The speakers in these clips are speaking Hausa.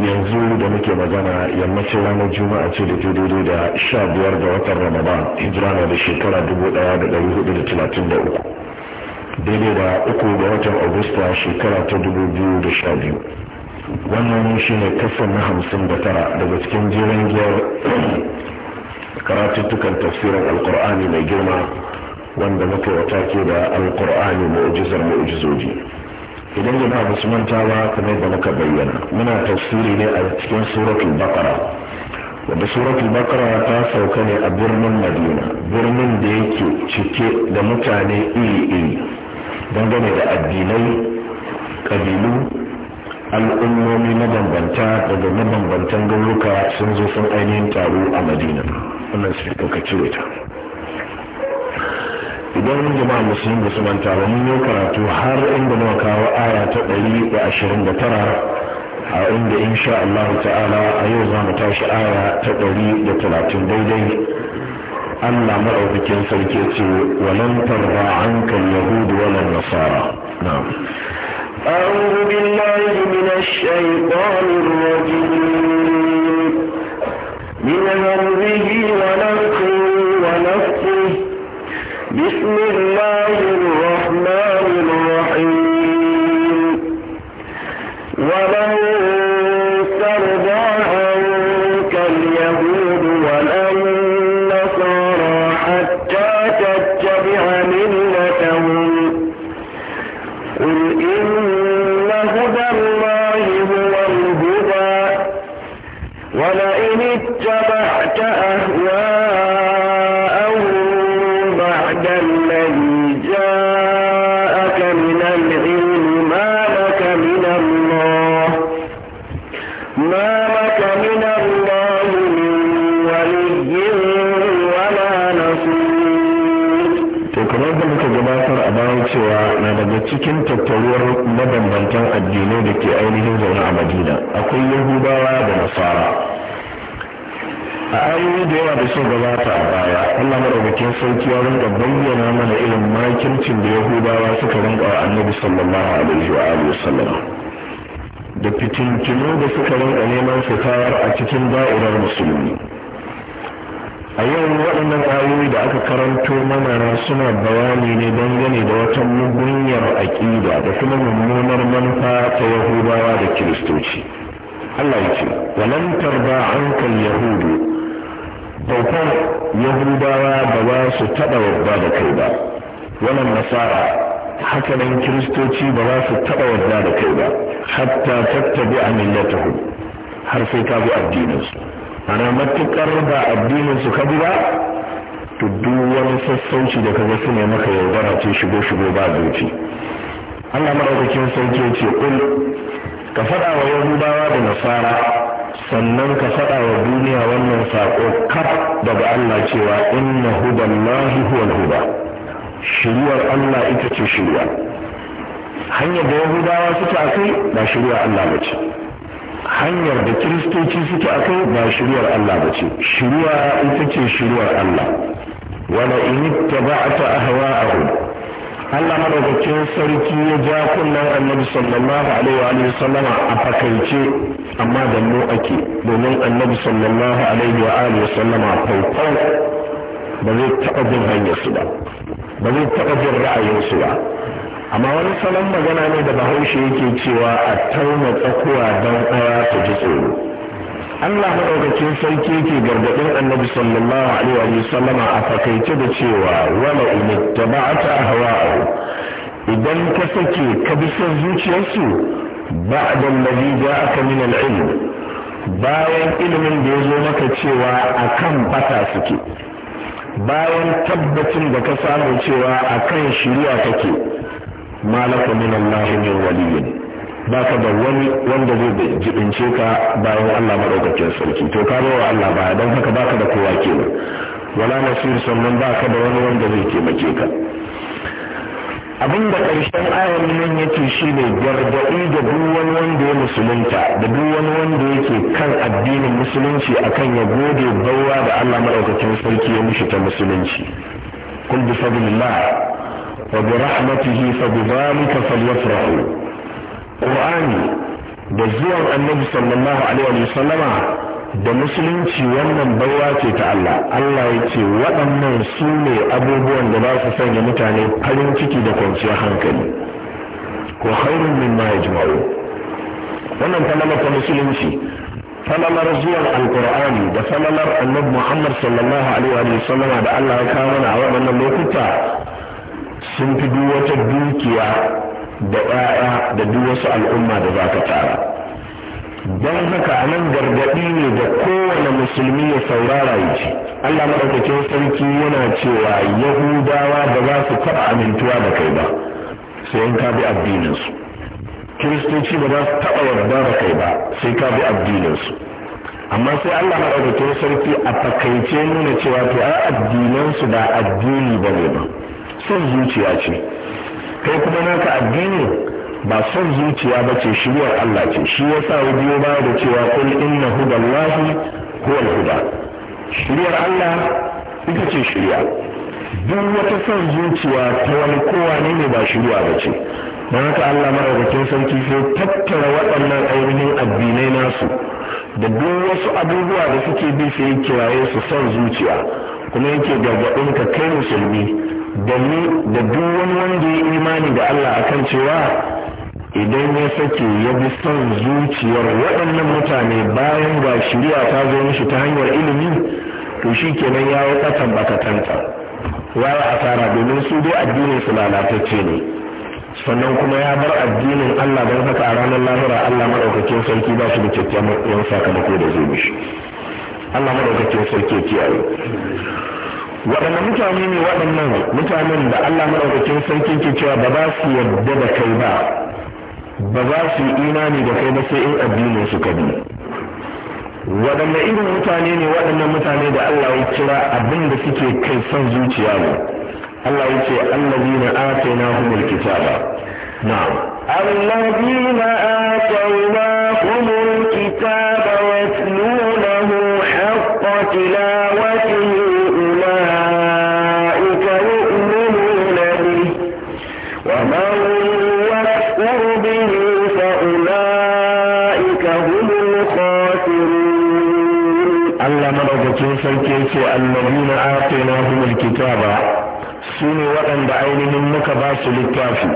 yanzu da muke magana yammacin ranar juma'a ce da daidai da sha biyar ga watan ramadan hijira na da shekara dubu daya da dari hudu da talatin da uku daidai da uku ga watan agusta shekara ta dubu biyu da sha biyu wannan shi ne kasan na hamsin da tara daga cikin jiran giyar karatuttukan tafsirin alkur'ani mai girma wanda muka yi ke da alkur'ani mu'jizar mu'jizoji idan yana ba su manta ba kamar da muka bayyana muna tafsiri ne a cikin suratul baqara wanda suratul baqara ta sauka ne a birnin madina birnin da yake cike da mutane iri iri dangane da addinai kabilu al'ummomi na bambanta daga mabambantan gauruka sun zo sun ainihin taro a madina wannan sai ka cire ta idan jama'a musulmi da su manta ba mun yi karatu har inda na kawo aya ta ɗari da tara a inda insha Allah ta'ala a yau za mu tashi aya ta ɗari da talatin daidai Allah maɗaukakin sarki ce walan tarba anka yahud wala nasara na'am أعوذ بالله من الشيطان الرجيم من همزه ونفخه بسم الله الرحمن الرحيم ولو ƙara bayyana mana irin makincin da yahudawa suka rinka wa annabi sallallahu alaihi wa alihi wasallam da fitintinu da suka rinka neman fitawar a cikin da'irar musulmi a yau waɗannan ayoyi da aka karanto mana suna bayani ne dangane da wata mugunyar aƙida da kuma mummunar manufa ta yahudawa da kiristoci Allah ya ce ba tarda anka yahudu bautar yahudawa ba za su taɓa wadda da kai ba wannan nasara hakanan kiristoci ba za su taɓa wadda da kai ba hatta tattabi a millatahu har sai ka bi addininsu ana matuƙar da addininsu ka bi ba to duk wani sassauci da kaga su ne maka yaudara ce shigo shigo ba zuci Allah madaukakin sarki ce kul ka faɗa wa yahudawa da nasara sannan ka faɗa wa duniya wannan saƙo kaf daga Allah cewa inna hudallahi huwal huda shiriyar Allah ita ce shiriya hanyar da yahudawa suke a kai ba shiriyar Allah ba ce hanyar da kiristoci suke a kai ba shiriyar Allah ba ce shiriya ita ce shiriyar Allah wala in ittaba'ta ahwa'ahu Allah madaukakin sarki ya ja kunnen annabi sallallahu alaihi wa alihi sallama a fakaice amma da mu ake domin annabi sallallahu alaihi wa alihi sallama faifau ba zai taɓa jin hanyar su ba ba zai taɓa jin ra'ayin su ba amma wani salon magana ne da bahaushe yake cewa a tauna tsakuwa don ɗaya ta ji tsoro Allah maɗaukacin sarki ke gargaɗin Annabi sallallahu alaihi wa sallama a fakaice da cewa wala hawa ahwa'u idan ka sake ka bi son zuciyarsu ba'da allazi ja'aka min al-ilm bayan ilimin da ya zo maka cewa akan bata suke bayan tabbacin da ka samu cewa akan shiriya kake malaka min Allah min waliyin ba ka da wani wanda zai jibince ka bayan Allah maɗaukakin sarki to ka bawa Allah baya don haka ba ka da kowa ke ba. wala nasir sannan ba ka da wani wanda zai taimake ka Abinda ƙarshen ayar nan yake shi ne gargaɗi da duk wanda ya musulunta da duk wani wanda yake kan addinin musulunci akan ya gode bawa da Allah maɗaukakin sarki ya mishi ta musulunci kun bi fadlillah wa bi rahmatihi fa bi dhalika falyafrahu qur'ani da zuwan annabi sallallahu alaihi wa sallama da musulunci wannan baiwa ce ta Allah Allah ya ce waɗannan su ne abubuwan da za su sanya mutane farin ciki da kwanciyar hankali Ko wa min ma yajma'u wannan kalmar ta musulunci falalar zuwan alkur'ani da falalar annabi muhammad sallallahu alaihi wa sallama da allah ya kawo mana a waɗannan lokuta sun fi duk dukiya da ƴaƴa da duk wasu al'umma da za ka tara don haka a nan gargaɗi ne da kowane musulmi ya saurara ya ce allah maɗaukakin sarki yana cewa yahudawa ba za su taɓa amintuwa da kai ba sai in ka bi addininsu kiristoci ba za su taɓa yarda da kai ba sai ka bi addininsu amma sai allah maɗaukakin sarki a fakaice nuna cewa to a addinansu ba addini ba ne ba son zuciya ce kai kuma naka addini ba son zuciya ba ce shiriyar Allah ce shi ya sa biyo baya da cewa kul inna hudallahi huwal huda shiryar Allah ita ce shiriya duk wata son zuciya ta wani kowa ne ne ba shiriya ba ce don haka Allah maɗaukakin sarki sai tattara waɗannan ainihin addinai nasu da duk wasu abubuwa da suke bi sai kiraye su son zuciya kuma yake gargaɗin ka kai musulmi da da duk wani wanda ya imani da Allah akan cewa idan ya sake ya bi son zuciyar waɗannan mutane bayan ga shari'a ta zo mishi ta hanyar ilimi to shi kenan ya yi ƙasan bakatanta ya yi asara domin su dai addinin su lalatacce ne sannan kuma ya bar addinin Allah don haka a ranar lahira Allah maɗaukakin sarki ba su da kyakkyawan sakamako da zai mishi Allah maɗaukakin sarki ya kiyaye waɗanne mutane ne waɗannan mutanen da Allah maɗaukakin sarkin ke cewa ba za su yadda da kai ba ba za su yi imani da kai ba sai in addinin su bi waɗanne irin mutane ne waɗannan mutane da Allah ya kira abin da suke kai son zuciya ne Allah ya ce allazina atainahumul kitaba na allazina atainahumul ce na atainahum kitaba su ne waɗanda ainihin muka ba su littafi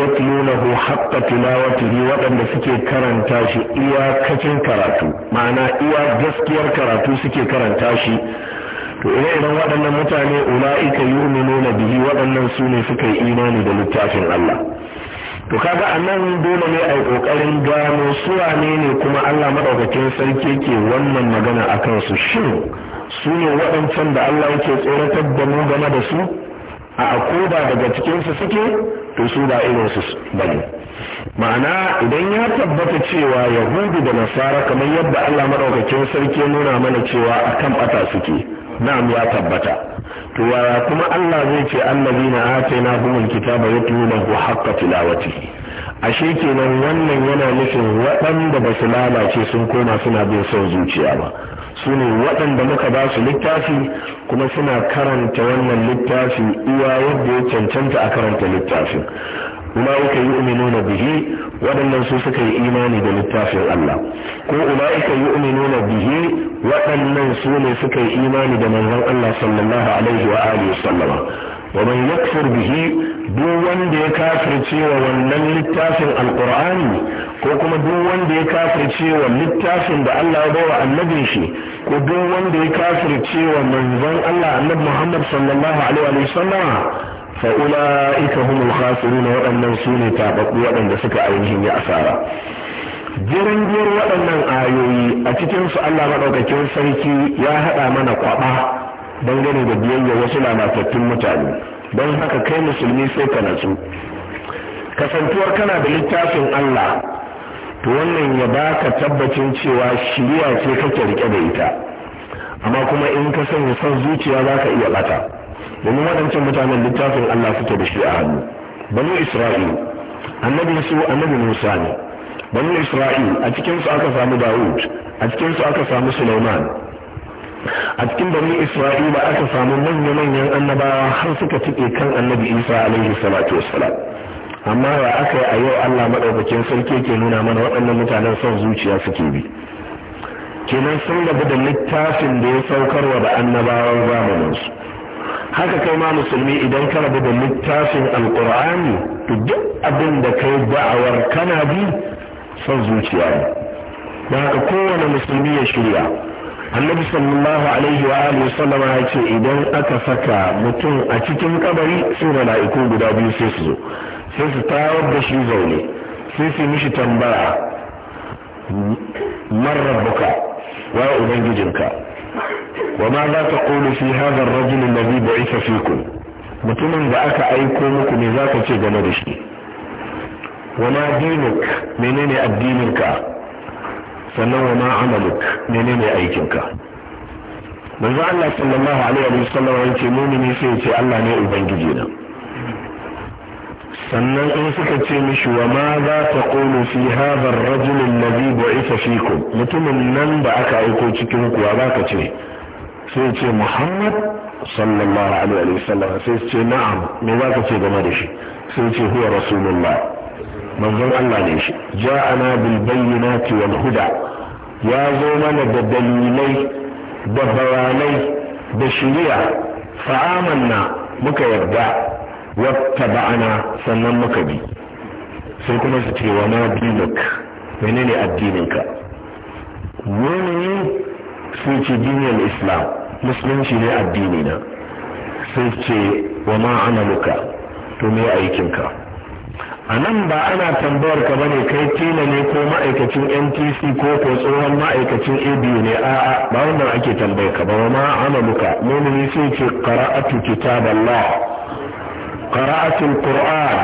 yatlunahu haqqa tilawatihi waɗanda suke karanta shi iyakacin karatu ma'ana iya gaskiyar karatu suke karanta shi to ire iren waɗannan mutane ula'ika yu'minuna bihi waɗannan su ne suka yi imani da littafin Allah to kaga anan dole ne a yi ƙoƙarin gano su ne ne kuma Allah madaukakin sarki ke wannan magana akan su shin su ne waɗancan da Allah yake tsoratar da mu game da su a akoda daga cikinsu suke to su ba irinsu ba ne ma'ana idan ya tabbata cewa yahudu da nasara kamar yadda Allah maɗaukakin sarki nuna mana cewa a kan ɓata suke na'am ya tabbata to yaya kuma Allah zai ce annabina atayna humul kitaba yatlunahu haqqa tilawatihi ashe kenan wannan yana nufin waɗanda ba su lalace sun koma suna bin son zuciya ba su ne waɗanda muka ba su littafi kuma suna karanta wannan littafi iya yadda ya cancanta a karanta littafin ula'ika yu'minuna bihi waɗannan su suka yi imani da littafin Allah ko ula'ika yu'minuna bihi waɗannan su ne suka yi imani da manzon Allah sallallahu alaihi wa alihi sallama wa mai yakfur bihi duk wanda ya kafirce wa wannan littafin al'kur'ani ko kuma duk wanda ya kafirce littafin da Allah ya bawa annabin shi ko duk wanda ya kafircewa manzon Allah annabi Muhammad sallallahu alaihi wa sallam fa ulaika humul khasirun waɗannan ne tababbu waɗanda suka ainihin ya asara jirgin waɗannan ayoyi a cikinsu Allah maɗaukakin sarki ya haɗa mana kwaɓa Bangare da biyayya wasu lamatattun mutane don haka kai musulmi sai ka natsu kasantuwar kana da littafin Allah to wannan ya baka tabbacin cewa shiriya ce kake rike da ita amma kuma in ka sanya son zuciya za ka iya bata domin waɗancan mutanen littafin Allah suke da shi a hannu banu Isra'il annabi su annabi Musa ne banu Isra'il a cikin su aka samu Dawud a cikin su aka samu Sulaiman a cikin bani isra'ila aka samu manya-manyan annabawa har suka cike kan annabi isa alaihi salatu wassalam amma ya aka yi a yau allah maɗaukakin sarki ke nuna mana waɗannan mutanen son zuciya suke bi kenan sun rabu da littafin da ya saukarwa da annabawan zamaninsu haka kai ma musulmi idan ka rabu da littafin alkur'ani to duk abin da kai da'awar kana bi son zuciya ne da haka kowane musulmi ya shirya annabi sallallahu alaihi wa alihi sallama ya ce idan aka saka mutum a cikin kabari sai mala'iku guda biyu sai su zo sai su tawar da shi zaune sai su mishi tambaya man rabbuka wa ubangijinka wa ma za ta qulu fi hadha da zai alladhi bu'itha fikum mutumin da aka aiko muku me ka ce game da shi wa ma dinuk menene addininka sannan wa ma amaluk menene aikinka manzo Allah sallallahu alaihi wa sallam ya ce mumini sai ce Allah ne ubangiji na sannan in suka ce mishi wa ma za ta qulu fi hadha ar-rajul alladhi bu'itha fikum mutumin nan da aka aiko cikin kuwa baka ce sai ce Muhammad sallallahu alaihi wa sallam sai ce na'am me zaka ce game da shi sai ce huwa rasulullah manzon Allah ne shi ja bil bayyinati wal huda ya zo mana da dalilai da bayanai da shiriya fa'amanna muka yarda wata ba'ana sannan muka bi sai kuma su ce wa ma dinuk menene addininka mumini sun ce diniyar islam musulunci ne addini na sai ce wa ma analuka to me aikinka a nan ba ana tambayar ka bane kai tela ne ko ma'aikacin ntc ko ko tsohon ma'aikacin abu ne a'a ba wannan ake tambayar ka ba ana ma nuna ne sai ce qara'atu kitaballah qara'atu alquran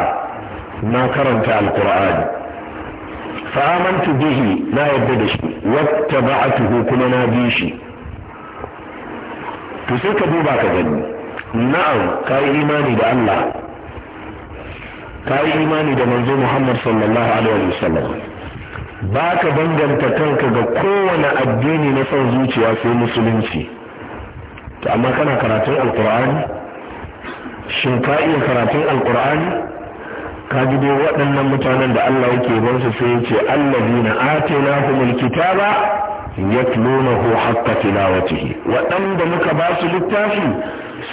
na karanta alquran fa amantu bihi na yadda da shi tuho kuma na bi shi to sai ka duba ka gani na'am kai imani da Allah ka yi imani da manzo Muhammad sallallahu alaihi wasallam ba ka danganta kanka ga kowane addini na son zuciya sai musulunci Ta amma kana karatun alkur'ani shin ka iya karatun alkur'ani ka ji dai waɗannan mutanen da Allah yake ban su sai yace allazina atainahumul kitaba yatlunahu haqqa tilawatihi waɗanda muka ba su littafi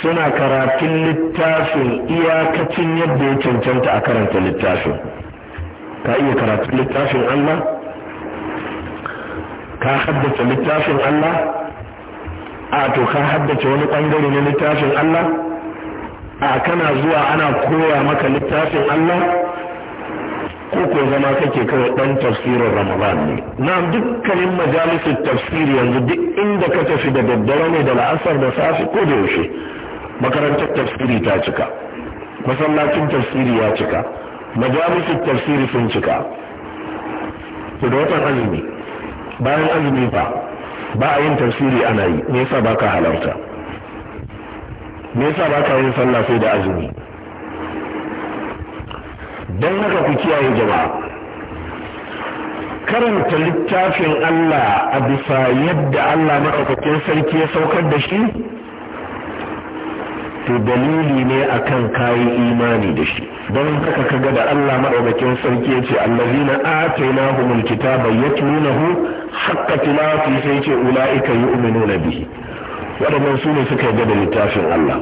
suna karatun littafin iyakacin yadda ya cancanta a karanta littafin ka iya karatun littafin Allah ka haddace littafin Allah a to ka haddace wani ɓangare na littafin Allah a kana zuwa ana koya maka littafin Allah ko ko zama kake kawai dan tafsirin ramadan ne na dukkanin majalisun tafsiri yanzu duk inda ka tafi da daddare ne da la'asar da safi ko da yaushe makarantar tafsiri ta cika masallacin tafsiri ya cika majalisun tafsiri sun cika to da watan azumi bayan azumi fa ba a yin tafsiri ana yi me yasa baka halarta me yasa baka yin sallah sai da azumi don haka ku kiyaye jama'a karanta littafin Allah a bisa yadda Allah maɗaukakin sarki ya saukar da shi to dalili ne akan kayi imani da shi don haka kaga da Allah maɗaukakin sarki ya ce allazina atainahumul kitaba yatlunahu haqqa tilawati sai ce ulaika na bihi waɗannan su ne suka yi da littafin Allah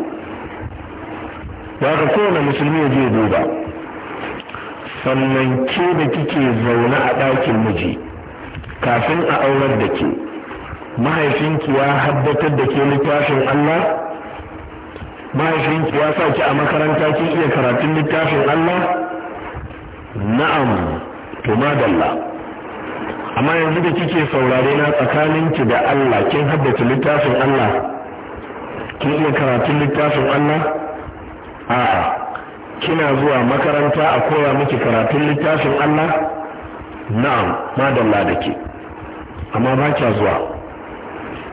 da ka kowane musulmi ya je duba sannan ke da kike zaune a ɗakin miji kafin a aurar da ke mahaifinki ya haddatar da ke littafin Allah mahaifinki ya sa ki a makaranta kin iya karatun littafin Allah na'am to madalla amma yanzu da kike saurare na tsakaninki da Allah kin haddace littafin Allah kin iya karatun littafin Allah a'a kina zuwa makaranta a koya miki karatun littafin Allah na'am madalla da ke amma ba kya zuwa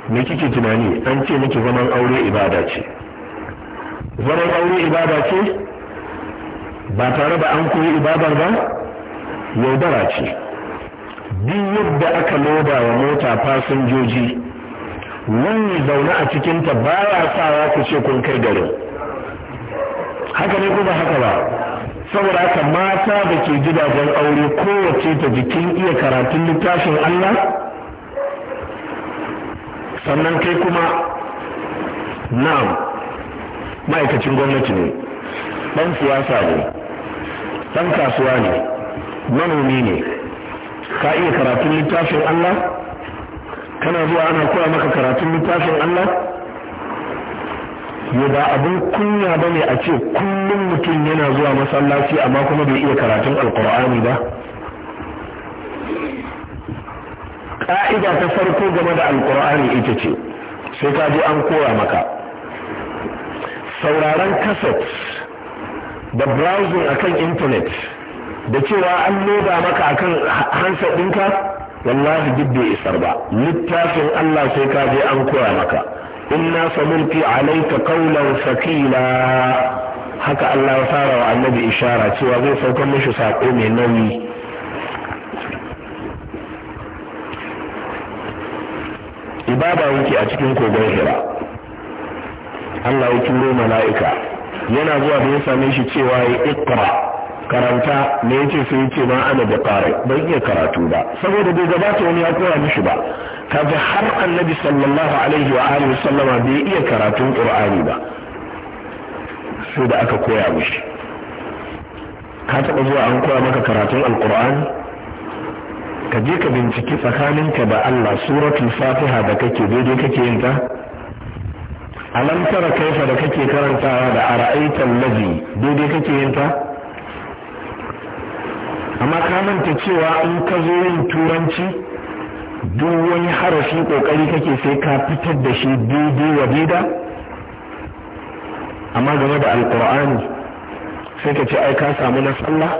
me kike tunani an ce miki zaman aure ibada ce zaman aure ibada ce ba tare da an koyi ibadar ba yaudara ce duk yadda aka loda wa mota fasinjoji wani zaune a cikinta baya sawa ku ce kun kai garin haka ne ko ba haka ba saboda haka mata da ke gidajen aure kowace ta jikin iya karatun littafin Allah sannan kai kuma na'am ma'aikacin gwamnati ne ɗan siyasa ne ɗan kasuwa ne manomi ne ka iya karatun littafin Allah kana zuwa ana koya maka karatun littafin Allah ya ba abin kunya ba ne a ce kullum mutum yana zuwa masallaci amma kuma bai iya karatun alkur'ani ba ƙa'ida ta farko game da alkur'ani ita ce sai ka ji an kora maka sauraron kaset da browsing kan intanet da cewa an loda maka a kan hansa ɗinka wallahi duk bai isar ba littafin allah sai ka je an koya maka inna samulki alayka qawlan sakila haka Allah ya fara wa annabi ishara cewa zai sauka mishi sako mai nauyi ibada yake a cikin kogon hira Allah ya turo mala'ika yana zuwa da ya same shi cewa ya ikra karanta me ce sai ce ma ana da qari ban iya karatu ba saboda bai gabata wani ya koya mishi ba kaga har annabi sallallahu alaihi wa alihi sallama bai iya karatun qur'ani ba sai da aka koya mishi ka taɓa zuwa an koya maka karatun alqur'ani ka je ka binciki tsakaninka da Allah suratul fatiha da kake daidai kake yin ta alam tara kaifa da kake karantawa da ara'aitan ladhi daidai kake yin ta amma ka manta cewa in ka zo yin turanci duk wani harafi kokari kake sai ka fitar da shi daidai wa daida amma game da alkur'ani sai ka ce ai ka samu na sallah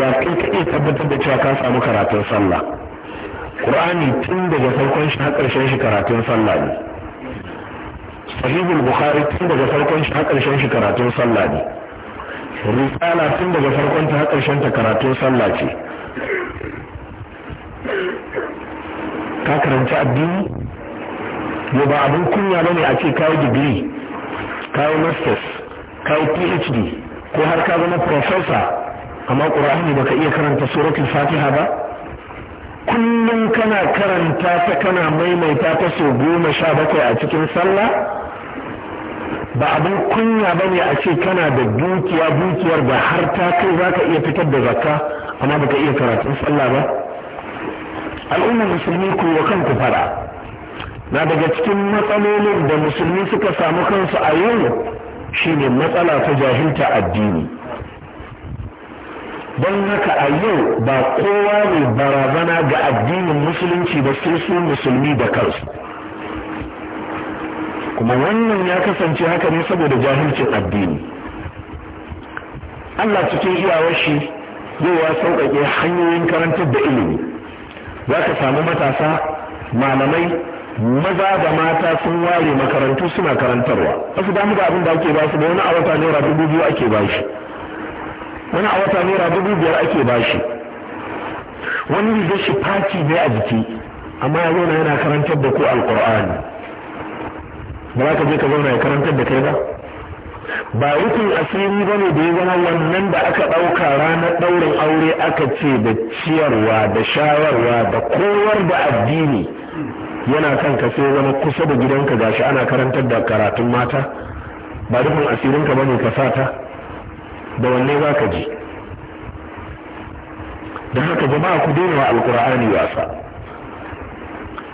ya kai ka iya tabbatar da cewa ka samu karatun sallah qur'ani tun daga farkon shi har karshen shi karatun sallah ne sahihul bukhari tun daga farkon shi har karshen shi karatun sallah ne risala tun daga farkon ta karshen ta karatun sallah ce ka karanci addini yau ba abin kunya ba ne a ce kayi digiri kayi masters kayi phd ko har ka zama professor amma ƙur'ani baka iya karanta suratul fatiha ba kullum kana karanta ta kana maimaita ta sau goma sha bakwai a cikin sallah ba abin kunya ba ne a ce kana da dukiya dukiyar da har ta kai za ka iya fitar da zakka amma ba ka iya karatun sallah ba al'ummar musulmi ku wa kanku fara na daga cikin matsalolin da musulmi suka samu kansu a yau shine matsala ta jahilta addini don haka a yau ba kowa ne barazana ga addinin musulunci ba sai su musulmi da kansu kuma wannan ya kasance haka ne saboda jahilcin addini Allah cikin iyawar shi zai ya sauƙaƙe hanyoyin karantar da ilimi za ka samu matasa malamai maza da mata sun ware makarantu suna karantarwa wasu damu da abin da ake ba su da wani a wata naira dubu biyu ake ba shi wani a wata naira dubu biyar ake ba shi wani rigar shi fati ne a jiki amma ya yana karantar da ku alƙur'ani ba za ka je ka zauna ya karantar da kai ba ba rufin asiri ba ne da ya zama wannan da aka ɗauka ranar ɗaurin aure aka ce da ciyarwa da shayarwa da kowar da addini yana kan ka sai zama kusa da gidanka gashi ana karantar da karatun mata ba rufin asirinka ba ne ka sata da wanne za ka ji da haka jama'a ku daina wa alkur'ani wasa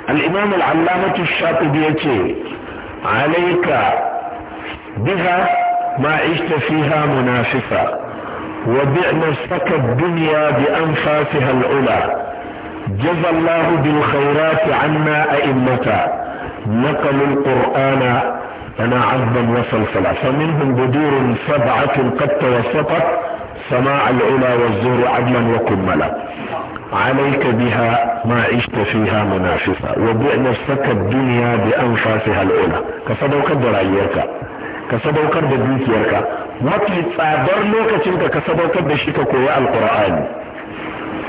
al-imam al-allamatu shatibi yace عليك بها ما عشت فيها منافسة وبع نفسك الدنيا بأنفاسها العلا جزى الله بالخيرات عنا أئمة نقلوا القرآن أنا عذبا وصلصلا فمنهم بدور سبعة قد توسطت سماع العلا والزور عدلا وكملا عليك بها ما عشت فيها منافسة وبيع نفسك الدنيا بأنفاسها الأولى كسدو كدر عيارك كسدو كرد بيت يارك ما تتعبر لك تلك كسدو كرد شكك ويا القرآن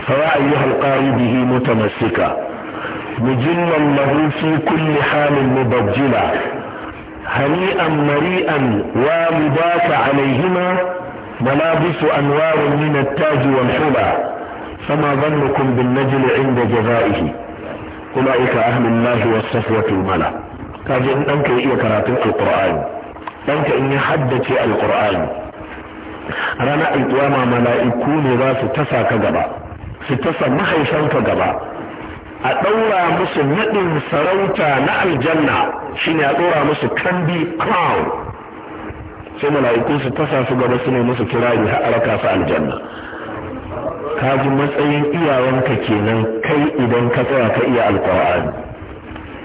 فوا أيها القاري به متمسكا مجلا له في كل حال مبجلا هنيئا مريئا ومباك عليهما ملابس أنوار من التاج والحلى فما ظنكم بالنجل عند جزائه أولئك أهل الله والصفوة الملا kaji in ɗanka ya iya karatun alƙur'ani ɗanka in ya haddace alƙur'ani ranar alƙiyama mala'iku ne za su tasa ka gaba su tasa mahaifanka gaba a ɗaura musu naɗin sarauta na aljanna shine a ɗora musu kandi crown sai mala'iku su tasa su gaba su ne musu kirari har araka su aljanna ka ji matsayin iyawanka kenan kai idan ka tsaya ka iya alkur'ani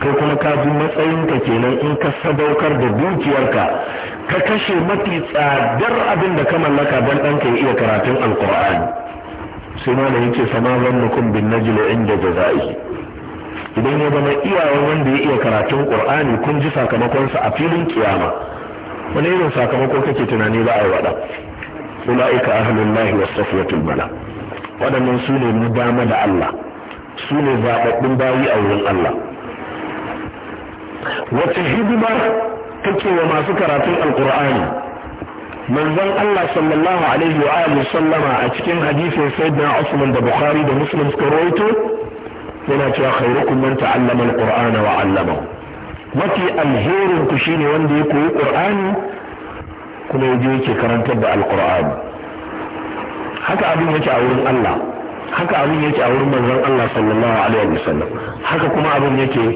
kai kuma ka ji matsayinka kenan in ka sadaukar da dukiyarka ka kashe mafi tsadar abin da ka mallaka don ɗanka ya iya karatun alkur'ani sai ma da yake sama zannukun bin najilo inda jaza'i idan ya zama iyawan wanda ya iya karatun qur'ani kun ji sakamakonsa a filin kiyama wani irin sakamako kake tunani za a yi waɗa ula'ika ahlullahi wasafwatul mala waɗannan su ne mu dama da Allah su ne zaɓaɓɓun bayi a wurin Allah wace hidima take wa masu karatun alkur'ani manzon Allah sallallahu alaihi wa alihi sallama a cikin hadisin sayyidina Usman da Bukhari da Muslim suka rawaito yana cewa khairukum man ta'allama alqur'ana wa 'allamahu mafi alherin ku shine wanda ya koyi qur'ani kuma yaje yake karantar da alqur'ani haka abin yake a wurin Allah haka abin yake a wurin manzon Allah sallallahu alaihi sallam haka kuma abin yake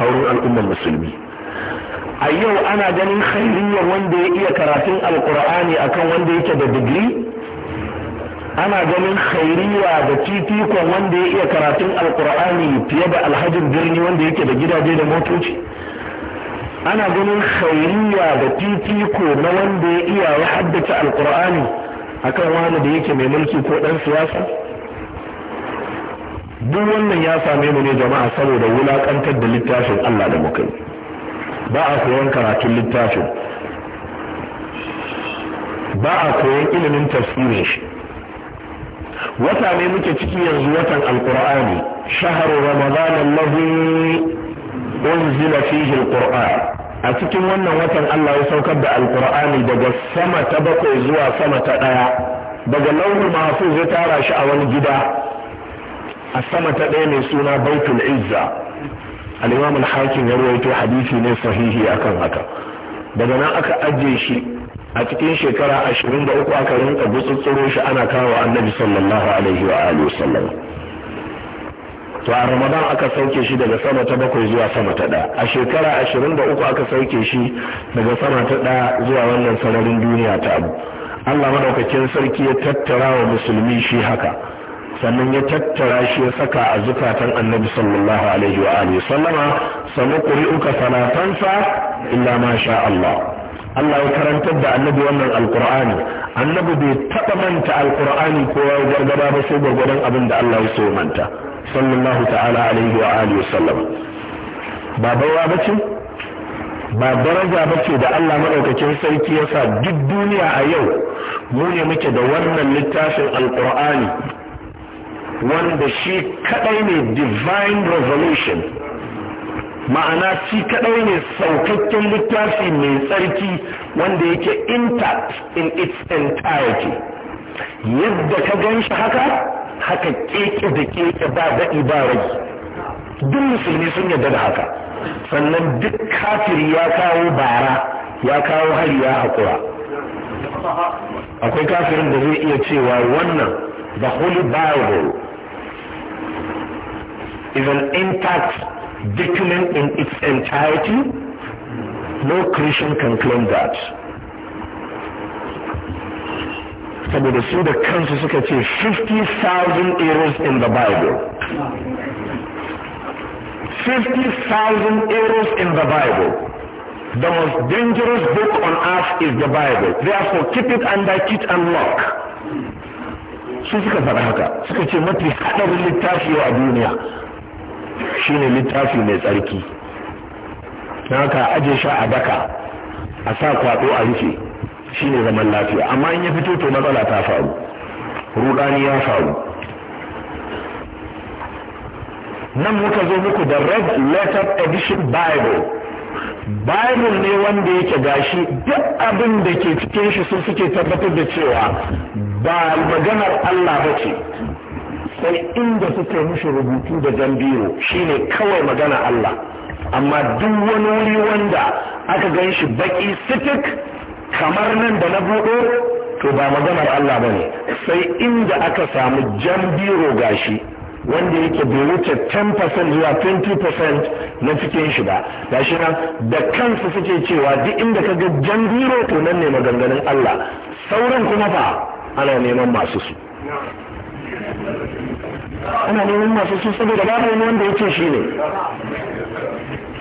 a wurin al'ummar musulmi a yau ana ganin khairiyar wanda ya iya karatun alkur'ani akan wanda yake da digiri ana ganin khairiya da titikon wanda ya iya karatun alkur'ani fiye da alhajin birni wanda yake da gidaje da motoci ana ganin khairiya da titiko na wanda ya iya ya haddace alkur'ani akan wani da yake mai mulki ko ɗan siyasa duk wannan ya same mu ne jama'a saboda wulaƙantar da littafin Allah da muka yi ba a koyon karatun littafin ba a koyon ilimin tafsirin shi wata ne muke ciki yanzu watan alkur'ani shahar ramadan allazi unzila fihi alqur'an a cikin wannan watan Allah ya saukar da alkur'ani daga sama ta bakwai zuwa sama ta ɗaya daga launin masu ya tara shi a wani gida a sama ta ɗaya mai suna baitul izza al-imam al-hakim ya rawaito hadisi ne sahihi akan haka daga nan aka ajiye shi a cikin shekara 23 aka rinka gutsutsuro shi ana kawo annabi sallallahu alaihi wa alihi wa sallam to a ramadan aka sauke shi daga sama ta bakwai zuwa sama ta ɗaya a shekara ashirin da uku aka sauke shi daga sama ta ɗaya zuwa wannan sararin duniya ta abu allah madaukakin sarki ya tattara wa musulmi shi haka sannan ya tattara shi ya saka a zukatan annabi sallallahu alaihi wa alihi sallama salatansa illa ma sha Allah Allah ya karantar da annabi wannan alkur'ani annabi bai taɓa manta alkur'ani ko ya gargada ba sai gwargwadon abin da Allah ya so manta sallallahu ta'ala alaihi wa alihi wa sallam ba baiwa bace ba daraja bace da Allah madaukakin sarki ya sa duk duniya a yau mu ne muke da wannan littafin alqur'ani wanda shi kadai ne divine revolution ma'ana shi kadai ne saukakken littafi mai tsarki wanda yake intact in its entirety yadda ka gan shi haka haka keke da keke ba daɗi ba rai duk musulmi sun yarda da haka sannan duk kafiri ya kawo bara ya kawo hari ya haƙura akwai kafirin da zai iya cewa wannan the holy bible is an intact document in its entirety no christian can claim that saboda su da kansu suka ce 50,000 euros in the bible 50,000 euros in the bible the most dangerous book on earth is the bible therefore keep it under kit and lock su suka faɗa haka suka ce mafi haɗarin littafi a duniya shine littafi mai tsarki na haka aje sha a daka a sa kwaɗo a rufe shine zaman lafiya amma in ya fito to matsala ta faru rudani ya faru nan muka zo muku da red letter edition bible bible ne wanda yake gashi duk abin da ke cikin shi sun suke tabbatar da cewa ba maganar Allah ba ce sai inda suka yi rubutu da jan biro shine kawai magana Allah amma duk wani wuri wanda aka gan shi baki sitik kamar nan da na buɗe to ba maganar Allah ba ne sai inda aka samu jan biro gashi wanda yake bai wuce 10% zuwa 20% na cikin shi ba gashi nan da kansu suke cewa duk inda ka ga jan biro to nan ne maganganun Allah sauran kuma fa ana neman masu su ana neman masu su saboda babu wani wanda yake shi ne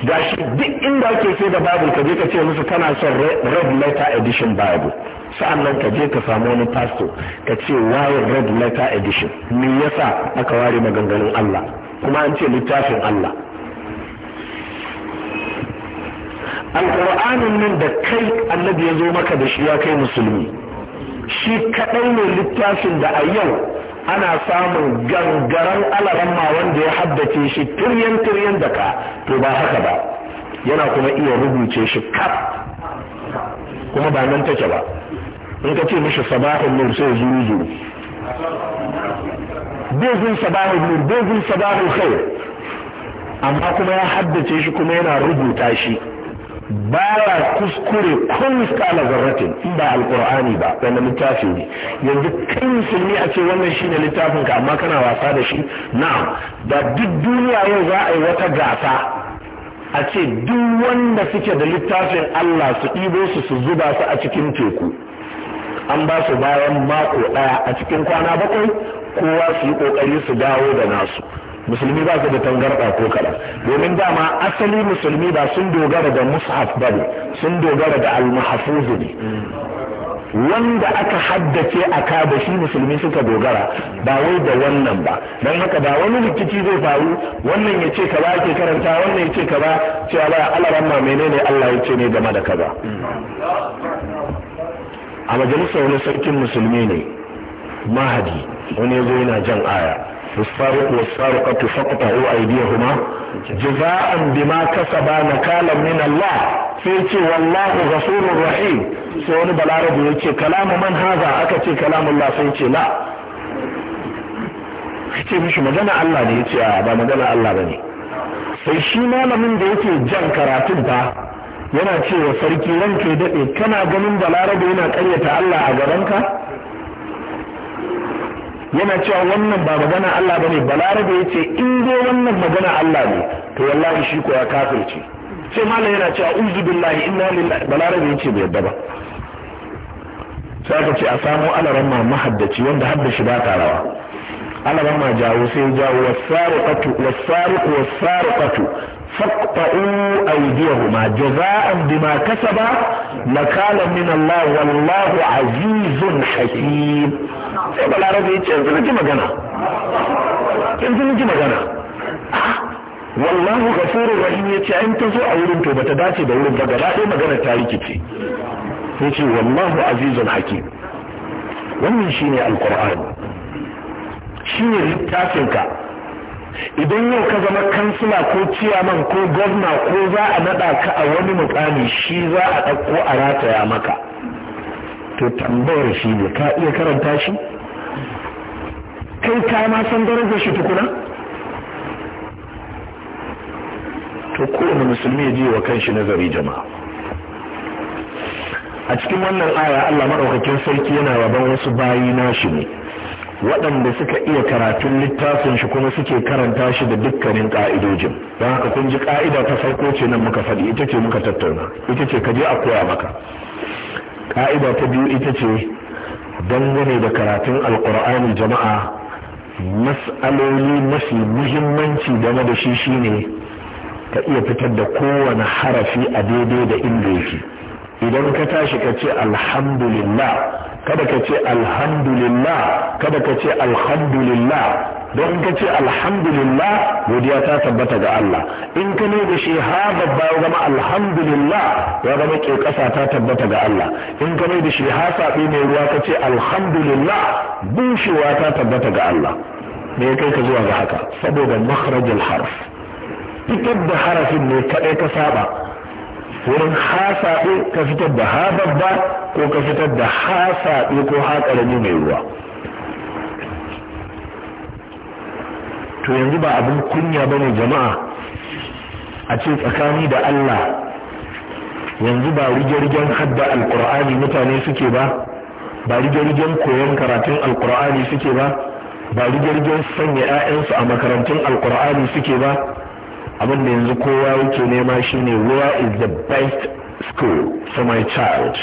gashi duk inda ake sai da bible ka je ka ce musu kana son red letter edition bible sa'annan ka je ka samu wani pastor ka ce waye red letter edition me yasa aka ware maganganun Allah kuma an ce littafin Allah alƙur'anin nan da kai annabi ya zo maka da shi ya kai musulmi shi kaɗai ne littafin da a yau ana samun gangaren ma wanda ya haddace shi tiryan tiryan da ka to ba haka ba yana kuma iya rubuce shi kaf kuma ba nan take ba in ka ce mishi sabahun nur sai zuru zuru bezin sabahun nur bezin sabahun khair amma kuma ya haddace shi kuma yana rubuta shi baya kuskure kun miskala zarratin in ba alkur'ani ba wanda littafi ne yanzu kai musulmi a ce wannan shine littafin ka amma kana wasa da shi na'am da duk duniya yau za a yi wata gasa a ce duk wanda suke da littafin Allah su ɗibo su su zuba su a cikin teku an ba su bayan mako ɗaya a cikin kwana bakwai kowa su yi ƙoƙari su dawo da nasu musulmi ba su da tangarɗa ko kaɗan domin dama asali musulmi ba sun dogara da mushaf ba ne sun dogara da almahafuzu ne wanda aka haddace a ka shi musulmi suka dogara ba wai da wannan ba don haka ba wani rikici zai faru wannan ya ce kaza ake karanta wannan ya ce kaza cewa ba alaran ma menene Allah ya ce ne game da kaza a majalisar wani sarkin musulmi ne mahadi wani ya zo yana jan aya والسارق والسارقة فاقطعوا أيديهما جزاء بما كسبا نكالا من الله سيتي والله غفور رحيم سيوني بالعرب يتي كلام من هذا أكتي كلام الله سيتي لا kace mishi magana Allah ne yace a ba magana Allah bane sai shi malamin da yake jan karatun fa yana cewa sarki ranka ya dade kana ganin balarabe yana karyata Allah a gaban ka yana cewa wannan ba magana Allah ba bane balarabe ce in dai wannan magana Allah ne to wallahi shi ko ya kafirce sai malam yana cewa uzu billahi inna lillahi balarabe ce bai yadda ba sai ka ce a samo alaran ma mahaddaci wanda hadda shi ba ta rawa alaran ma jawo sai jawo wasariqatu wasariqu wasariqatu faqta'u aydiyahuma jazaa'an bima kasaba nakala min Allah wallahu azizun hakim sai balarabe ya ce yanzu na ji magana yanzu na ji magana ah, wallahu ghafurur rahim ya ce ayin ta zo a wurin to bata dace da wurin ba gaba ɗaya magana ta rikice ya ce wallahu azizun hakim wannan shine Shi ne littafinka idan yau ka zama kansila ko ciyaman ko gwamna ko za a naɗa ka a wani mukami shi za a ɗauko a rataya maka to tambayar shi ne ka iya karanta shi kai ka ma san darajar shi tukuna to kowane musulmi ya jiwa wa kanshi nazari jama'a a cikin wannan aya Allah maɗaukakin sarki yana rabon wasu bayi nashi ne waɗanda suka iya karatun littafin shi kuma suke karanta shi da dukkanin ƙa'idojin don haka kun ji ƙa'ida ta farko ce nan muka faɗi ita ce muka tattauna ita ce ka je a koya maka ka'ida ta biyu ita ce dangane da karatun alkur'ani jama'a mas'aloli mafi muhimmanci game da shi shine ka iya fitar da kowane harafi a daidai da inda yake idan ka tashi ka ce alhamdulillah kada ka ce alhamdulillah kada ka ce alhamdulillah don in ka ce alhamdulillah godiya ta tabbata ga Allah in ka ne da shi hada ba ya zama alhamdulillah ya zama ke kasa ta tabbata ga Allah in ka ne da shi hasabi mai ruwa ka ce alhamdulillah bushewa ta tabbata ga Allah me ya kai ka zuwa ga haka saboda makharajul harf fitar da harafin ne kadai ka saba wurin hasabe ka fitar da ha babba ko ka fitar da hasabe ko karami mai ruwa to yanzu ba abin kunya ba ne jama'a a ce tsakani da Allah yanzu ba rige hadda alkur'ani mutane suke ba ba rige koyon karatun alkur'ani suke ba ba rige sanya 'ya'yansu a makarantun alkur'ani suke ba abin da yanzu kowa yake nema shine where is the best school for my child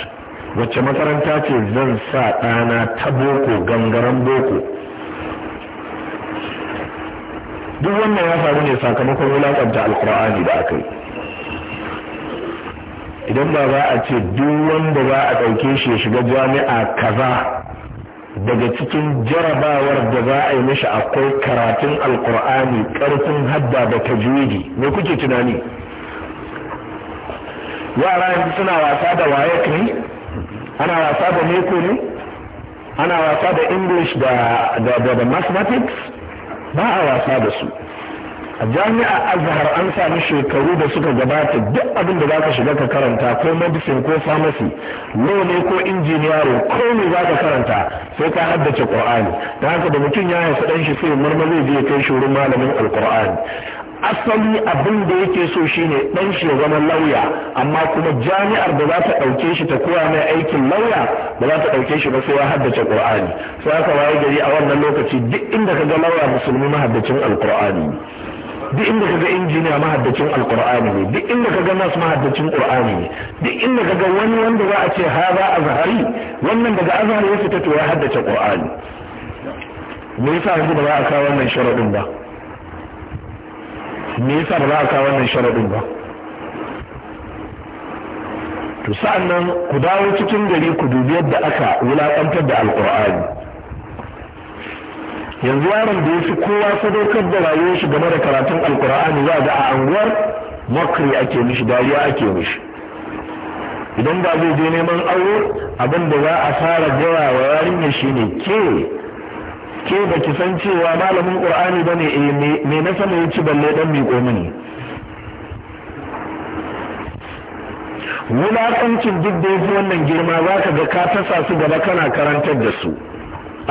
wacce makaranta ce zan sa ɗana ta boko gangaren boko duk wannan ya faru ne sakamakon wulakanta alkur'ani da aka yi idan ba za a ce duk wanda za a ɗauke shi ya shiga jami'a kaza daga cikin jarabawar da za a yi mishi akwai karatun alkur'ani ƙarfin hadda da tajwidi me kuke tunani yara yanzu suna wasa da wayek ana wasa da neko ne ana wasa da english da da mathematics ba a wasa da su a jami'a azhar an sami shekaru da suka gabata duk abin da zaka shiga ka karanta ko medicine ko pharmacy law ne ko engineering ko me zaka karanta sai ka haddace qur'ani dan haka da mutum ya haifi dan shi sai murmuri zai kai shi wurin malamin alqur'ani asali abin da yake so shine dan shi ya zama lauya amma kuma jami'ar da za ta ɗauke shi ta koya mai aikin lauya ba za ta ɗauke shi ba sai ya haddace qur'ani sai aka waye gari a wannan lokaci duk inda ka ga lauya musulmi mahaddacin alqur'ani duk inda ka ga injiniya mahaddacin alqur'ani ne duk inda ka ga nas mahaddacin qur'ani ne duk inda ka ga wani wanda za a ce haza azhari wannan daga azhari ya fita to ya haddace qur'ani me yasa yanzu ba za a kawo wannan sharadin ba me yasa ba za a kawo wannan sharaɗin ba to sa'annan ku dawo cikin gari ku dubi yadda aka wulaƙantar da alƙur'ani yanzu yaron da ya fi kowa sadaukar da rayuwar shi game da karatun alƙur'ani za ga a anguwar makri ake mishi dariya ake mishi idan ba zai je neman aure abin da za a fara gaya wa yarinya shine ke ke ba ki san cewa malamin qur'ani bane eh me na sama ci balle dan miƙo mini wulaƙancin duk da yafi wannan girma za ka ga ka tasa su gaba kana karantar da su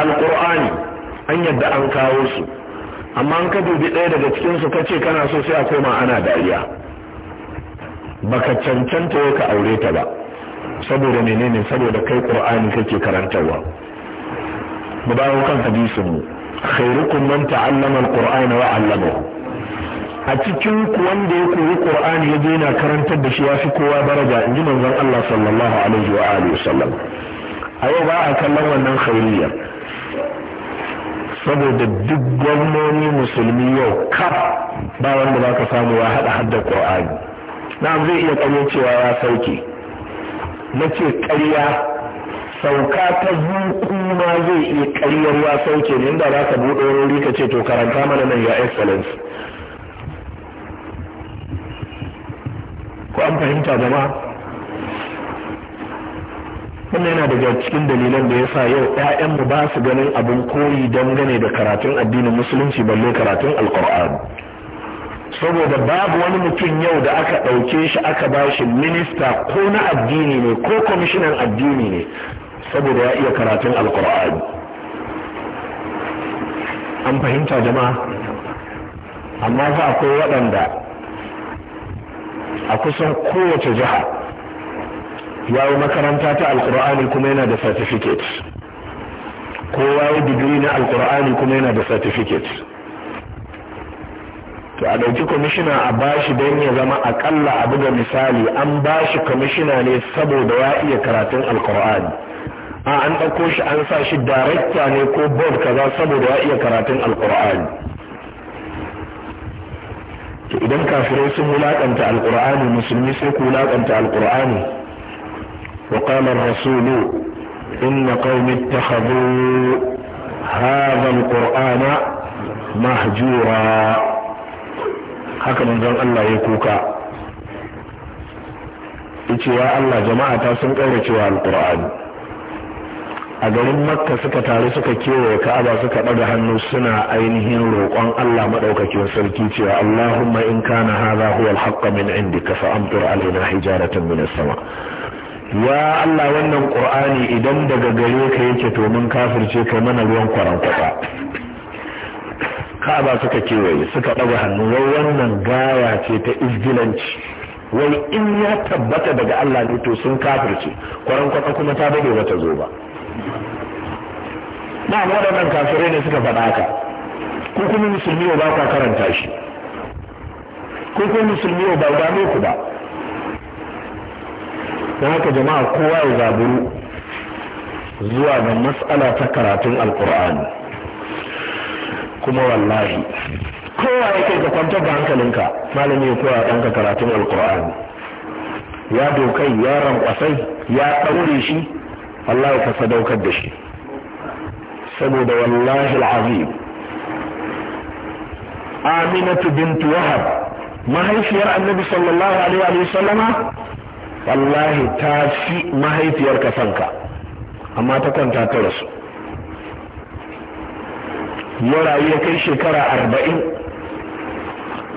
alƙur'ani an yadda an kawo su amma an ka dubi ɗaya daga cikin su kace kana so sai a koma ana dariya baka cancanta ka aure ta ba saboda menene saboda kai ƙur'ani kake karantarwa mu dawo kan hadisin mu khairukum man ta'allama al-qur'ana wa 'allamahu a cikin ku wanda ya koyi qur'ani ya je karantar da shi ya fi kowa daraja inji manzon Allah sallallahu alaihi wa alihi wasallam a yau ba a kallon wannan khairiyya saboda duk gwamnoni musulmi yau kaf ba wanda za ka samu ya haɗa haddar qur'ani na zai iya ƙarya cewa ya sauke na ce ƙarya sauka ta zuku ma zai iya karyar ya sauke ne inda za ka buɗe wuri ka ce to karanta mana nan ya excellence ko an fahimta jama'a wannan yana daga cikin dalilan da ya sa yau 'ya'yanmu ba su ganin abin koyi dangane da karatun addinin musulunci balle karatun alkur'ani saboda babu wani mutum yau da aka ɗauke shi aka ba shi minista ko na addini ne ko kwamishinan addini ne saboda ya iya karatun alkur'ani an fahimta jama'a amma za akwai waɗanda a kusan kowace jiha ya yi makaranta ta alkur'ani kuma yana da certificate ko ya digiri na alkur'ani kuma yana da certificate to a ɗauki kwamishina a bashi don ya zama akalla a buga misali an bashi kwamishina ne saboda ya iya karatun alkur'ani a an ɗauko shi an sa shi darekta ne ko board kaza saboda ya iya karatun to idan kafirai sun wulaƙanta alkur'ani musulmi sai ku wulaƙanta alkur'ani wa qala ar rasulu inna qaumi ittakhadhu hadha alqur'ana mahjura haka manzon Allah ya kuka yace ya Allah jama'a ta sun kaurace wa alqur'ani a garin makka suka taru suka kewaye ka'aba suka ɗaga hannu suna ainihin roƙon Allah maɗaukakin sarki cewa Allahumma in kana hadha huwa al-haqq min indika fa amtir alaina hijaratan min as-sama ya Allah wannan Qur'ani idan daga gare ka yake to mun kafirce kai mana ruwan kwarankwasa Ka'aba suka kewaye suka ɗaga hannu wai wannan gaya ce ta izgilanci wai in ya tabbata daga Allah ne to sun kafirce kwarankwasa kuma ta bade bata zo ba na waɗannan kafirai ne suka faɗa haka ko kuma musulmi ba ka karanta shi ko kuma musulmi ba gano ku ba don haka jama'a kowa ya zaburu zuwa ga mas'ala ta karatun alkur'ani kuma wallahi kowa ya kai ka kwantar da hankalinka malami ya koya ɗanka karatun alkur'ani ya dokai ya rankwasai ya ɗaure shi wallahi ka sadaukar da shi saboda wallahi al'azim aminatu bintu wahab mahaifiyar annabi sallallahu alaihi wa sallama wallahi ta fi mahaifiyar ka sanka amma ta kwanta ta rasu ya rayu ya kai shekara arba'in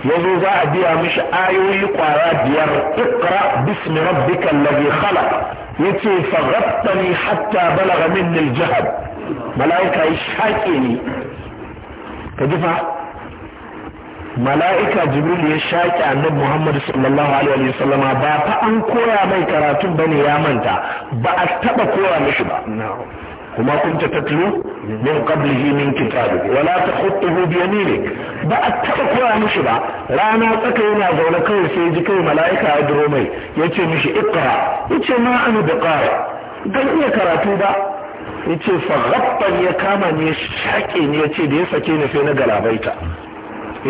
ya zo za a biya mishi ayoyi kwara biyar ikra bismi rabbika allazi khalaq yace faghattani hatta balagha minni al-jahab malaika ya shaƙe ni ka ji fa mala'ika jibril ya shaƙi annabi muhammad sallallahu alaihi wa sallama ba fa an koya mai karatun bane ya manta ba a taba koya mishi ba وما كنت تتلو من قبله من كتابك ولا تخطه بيمينك بعد تقوى مشبع رانا تكينا زولا كوي سيجي كوي ملائكة أدرومي يتي مش اقرأ يتي ما انا بقارئ قال ايه كراتو با يتي فغطا يكاما kama ne دي سكين yace da ya sake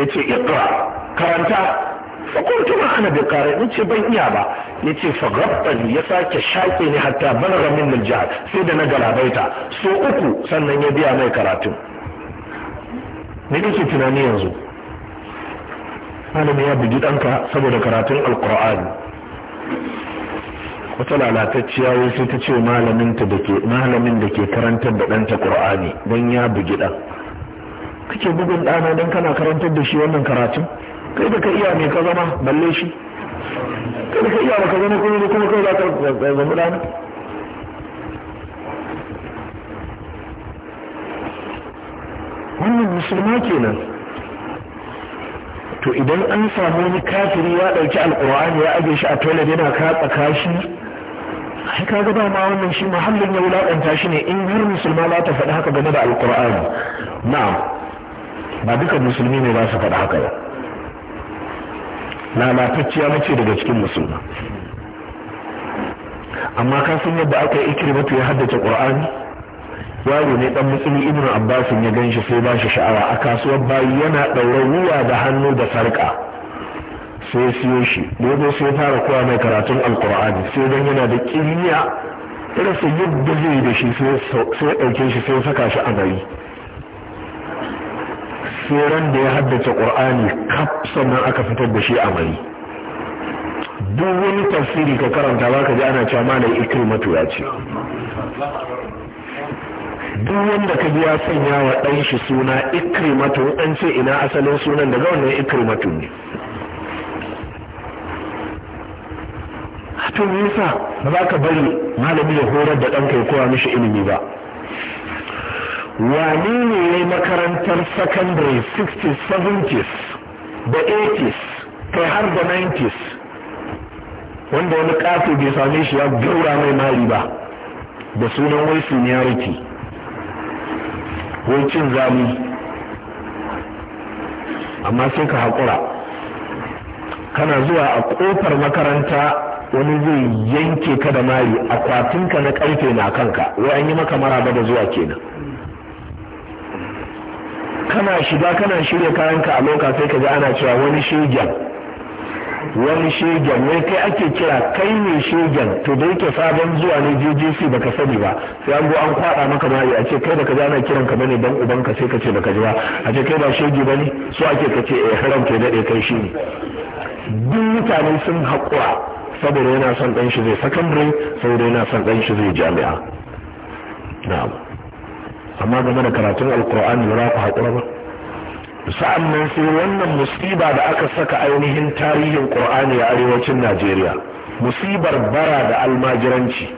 ni sai fakultu ma ana bai kare in ce ban iya ba ya ce fagabbani ya sake shaƙe ne, hatta ramin na jihar sai da na galabaita so uku sannan ya biya mai karatun ne ke tunani yanzu malami ya bugi ɗanka saboda karatun alkur'ani wata lalatacciya wai sai ta ce malamin da ke karantar da ɗanta ƙur'ani don ya bugi ɗan kake bugun ɗana don kana karantar da shi wannan karatun kai da ka iya mai ka zama balle shi kai da ka iya baka zama kuma kuma kai za ka zama dana wannan musulma kenan to idan an samu wani kafiri ya dauki alkur'ani ya ajiye shi a toilet yana katsa kashi ai kaga dama wannan shi muhallin ya wulakanta shi ne in har musulma za ta faɗi haka game da alkur'ani na'am ba duka musulmi ne za su faɗi haka ba lalatacciya mace daga cikin musulma amma ka san yadda aka yi ikrimatu ya haddace qur'ani yaro ne dan musulmi ibn abbas ya ganshi sai ba shi sha'awa a kasuwar bayi yana daura wuya da hannu da sarka sai siyo shi dodo sai fara kowa mai karatun alqur'ani sai dan yana da kiriya rasa yadda zai da shi sai ɗauke shi sai saka shi a gari sai da ya haddace ƙur'ani kaf sannan aka fitar da shi a mari duk wani tafsiri ka karanta ba ka ji ana cewa malai matu ya ce duk wanda ka ji ya sanya wa ɗan shi suna matu, an ce ina asalin sunan daga wannan ikrimatu ne to me ba za ka bari malami ya horar da ɗanka ya koya mishi ilimi ba wane ne ya yi makarantar secondary 60s 70s da 80s kai har da 90s wanda wani kafin bai same shi ya gaura mai mari ba da sunan wai seniority wai cin zami amma sai ka haƙura kana zuwa a ƙofar makaranta wani zai yanke ka da mari akwatinka na ƙarfe na kanka wai an yi maka maraba da zuwa kenan kana shiga kana shirya kayanka a loka sai ka ana cewa wani shegen wani shegen ne kai ake kira kai ne shegen to dai ke sabon zuwa ne jgc baka sani ba sai an go an kwada maka mari a ce kai da ji ana kiran ka bane dan ka sai ka ce baka ji ba a ce kai ba shege bane so ake ka ce eh haram ke dade kai shi ne duk mutane sun haƙura saboda yana son dan shi zai sakandare saboda yana son dan shi zai jami'a na'am amma game da karatun alkur'ani ba ku haƙura ba sa'an nan sai wannan musiba da aka saka ainihin tarihin ƙur'ani a arewacin najeriya musibar bara da almajiranci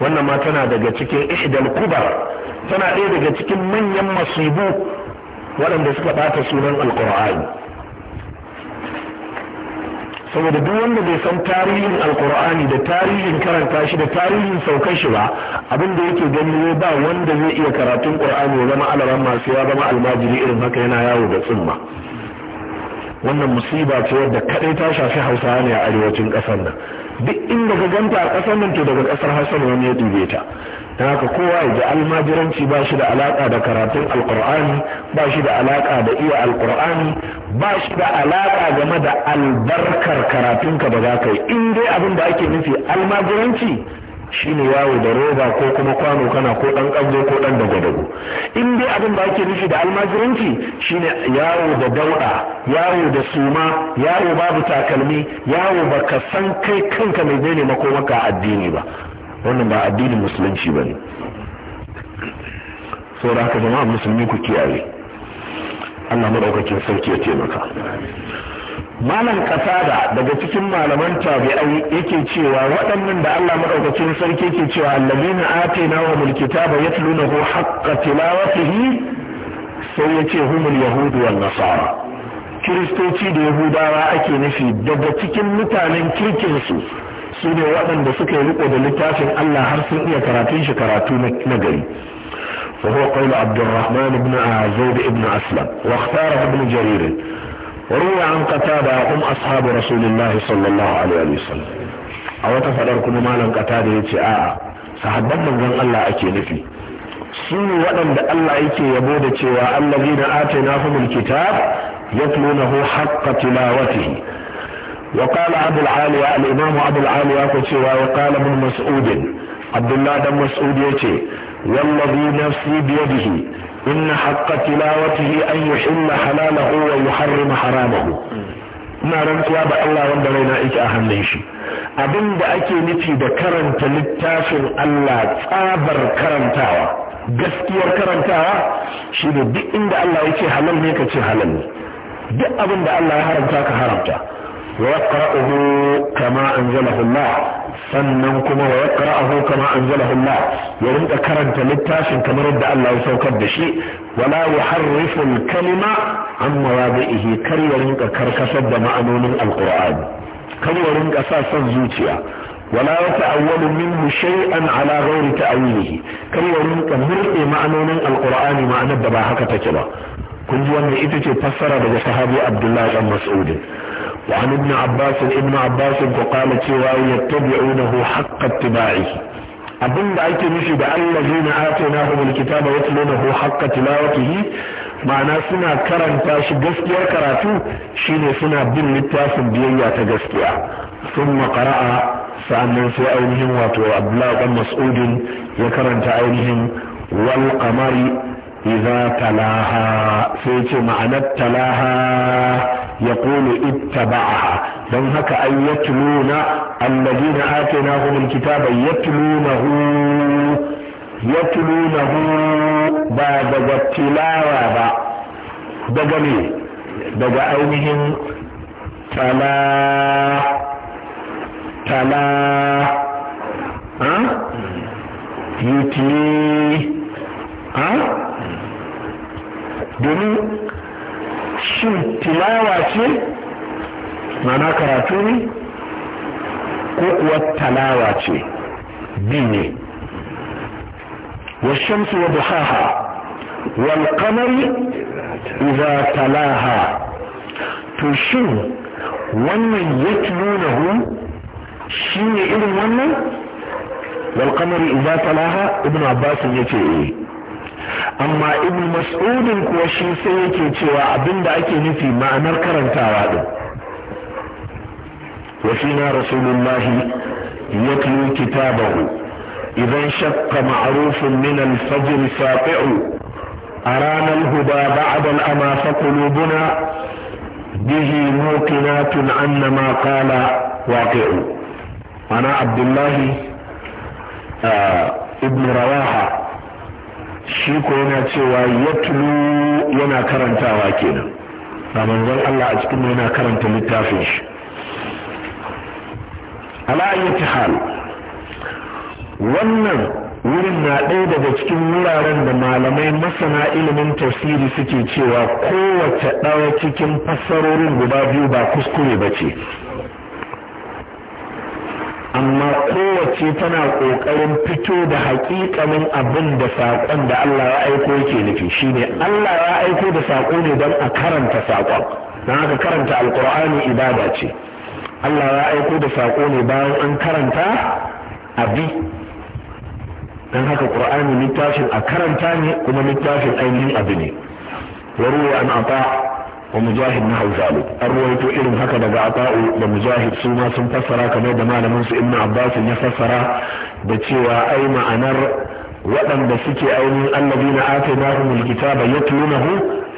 wannan ma tana daga cikin ihdal kubar tana ɗaya daga cikin manyan masibu waɗanda suka ɓata sunan alkur'ani saboda duk wanda bai san tarihin alkur'ani da tarihin karanta shi da tarihin saukar shi ba abin da yake gani ba wanda zai iya karatun qur'ani ya zama alaran masu ya zama almajiri irin haka yana yawo da tsumma wannan musiba ce wadda kadai ta shafi hausawa ne a arewacin kasar nan duk inda ka ganta a ƙasar nan to daga ƙasar Hausa ne wani ya dube ta don haka kowa ya ji almajiranci ba shi da alaƙa da karatun alƙur'ani ba shi da alaƙa da iya alƙur'ani ba shi da alaƙa game da albarkar karatunka ba za ka yi in dai abin da ake nufi almajiranci shine yawo da roba ko kuma kwano kana ko ɗan kanzo ko dan dagwadago in dai abin da ake nufi da almajiranci shine yawo da dauda yawo da suma yawo babu takalmi yawo ba ka san kai kanka mai zai ne makomaka addini ba wannan ba addinin musulunci ba ne saboda haka jama'a musulmi ku kiyaye Allah maɗaukakin sarki ya taimaka malam kasada daga cikin malaman tabi'ai yake cewa waɗannan da Allah maɗaukacin sarki yake cewa allazina atina wa mul kitaba yatlunahu haqqa tilawatihi sai yace humul yahudu wal nasara kiristoci da yahudawa ake nufi daga cikin mutanen kirkin su su ne waɗanda suka yi riko da littafin Allah har sun iya karatun shi karatu na gari فهو قول عبد الرحمن بن زيد Ibn Aslam واختاره ابن جرير وروي عن قتادة هم أصحاب رسول الله صلى الله عليه وسلم أو تفدر كما مالا قتادة يتي آآ sahabban manzon Allah ake nufi su waɗanda Allah yake yabo da cewa allazina atainahumul kitab yatlunahu haqqa tilawatihi وقال أبو العالية الإمام أبو العالية كتوى وقال ابن مسعود عبد الله بن مسعود يتي والذي نفسي بيده إن حق تلاوته أن يحل حلاله ويحرم حرامه ina rantsuwa da Allah wanda raina yake a hannun shi abin da ake nufi da karanta littafin Allah tsabar karantawa gaskiyar karantawa shi ne duk inda Allah yake halal ne ka ce halal ne duk abinda Allah ya haramta ka haramta Waka yaqra'uhu kama anzalahu Allah sannan kuma wa yakra ahu kama anzalahu Allah ya rinka karanta littafin kamar yadda Allah saukar da shi wala yuharrifu al-kalima an ya bihi kar ya rinka karkasar da ma'anonin al-Qur'an kar ya rinka sa zuciya wala yata'awwalu minhu shai'an ala ghairi ta'wilihi kar ya rinka murde ma'anonin al-Qur'an ma'anar da ba haka take ba kun ji wannan ita ce fassara daga sahabi abdullahi ibn Mas'ud وعن ابن عباس ابن عباس فقال سوى يتبعونه حق اتباعه abin da ake nufi da allazi na ake na hukul kitaba ya tulo na haka tilawatihi ma'ana suna karanta shi gaskiyar karatu shine suna bin littafin biyayya ta gaskiya sun makara'a sa'annan sai ainihin wato abdullahi ɗan mas'udin ya karanta ainihin wal kamari talaha sai ce ma'anar talaha يقول اتبعها لن هكا أن يتلون الذين آتيناهم الكتاب يتلونه يتلونه بعد التلاوة daga ne daga ainihin tala tala ha yutli ha domin Shin tilawa ce mana karatu ne ko kuwa talawa ce bi ne wa shamsu wa duhaha wal qamari idha talaha to shin wannan yatlunahu shine irin wannan wal qamari idha talaha ibnu abbas yace eh amma ibnu mas'udin kuwa shi sai yake cewa abin da ake nufi ma'anar karantawa din wa fina rasulullahi yatlu kitabahu idan shakka ma'rufun min al-fajr saqi'u arana al-huda ba'da al-ama fa qulubuna bihi muqinatun anna ma qala waqi'u ana abdullahi uh, ibn rawaha shi ko yana cewa tulu yana karantawa kenan na manzan Allah a cikin yana karanta littafin shi ala hal wannan wurin na ɗaya daga cikin wuraren da malamai masana ilimin tafsiri suke cewa kowace ɗawa cikin fassarorin guda biyu ba kuskure ba ce amma kowace tana ƙoƙarin fito da hakikanin abin da saƙon da Allah ya aiko yake nufi ne Allah ya aiko da saƙo ne don a karanta saƙon don haka karanta alƙur'ani ibada ce Allah ya aiko da saƙo ne bayan an karanta abi don haka ƙur'ani littafin a karanta ne kuma littafin ainihin abu ne ruwa an ata wa mujahid na hauzali an ruwaito irin haka daga ata'u da mujahid su sun fassara kamar da malamin su na abbas ya fassara da cewa ai ma'anar waɗanda suke ainihin allazina atainahumul kitaba yatlunahu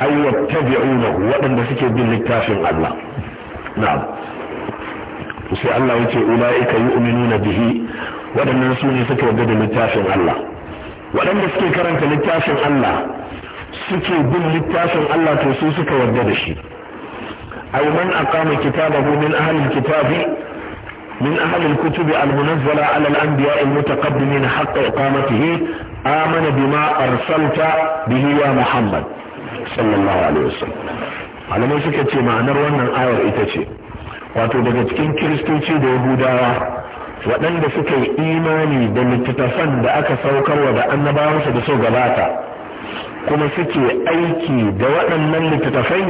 ay yattabi'unahu waɗanda suke bin littafin Allah na'am sai Allah yace ulaika yu'minuna bihi waɗannan su ne suka yarda da littafin Allah waɗanda suke karanta littafin Allah suke bin littafin Allah to su suka yarda da shi ai man aqama kitabahu min ahli alkitabi min ahli alkutubi almunazzala ala alanbiya almutaqaddimin haqqa iqamatihi amana bima arsalta bihi ya muhammad sallallahu alaihi wasallam malamai suka ce ma'anar wannan ayar ita ce wato daga cikin kiristoci da yahudawa waɗanda suka yi imani da littattafan da aka saukarwa da annabawansa da so gabata kuma suke aiki da waɗannan littattafai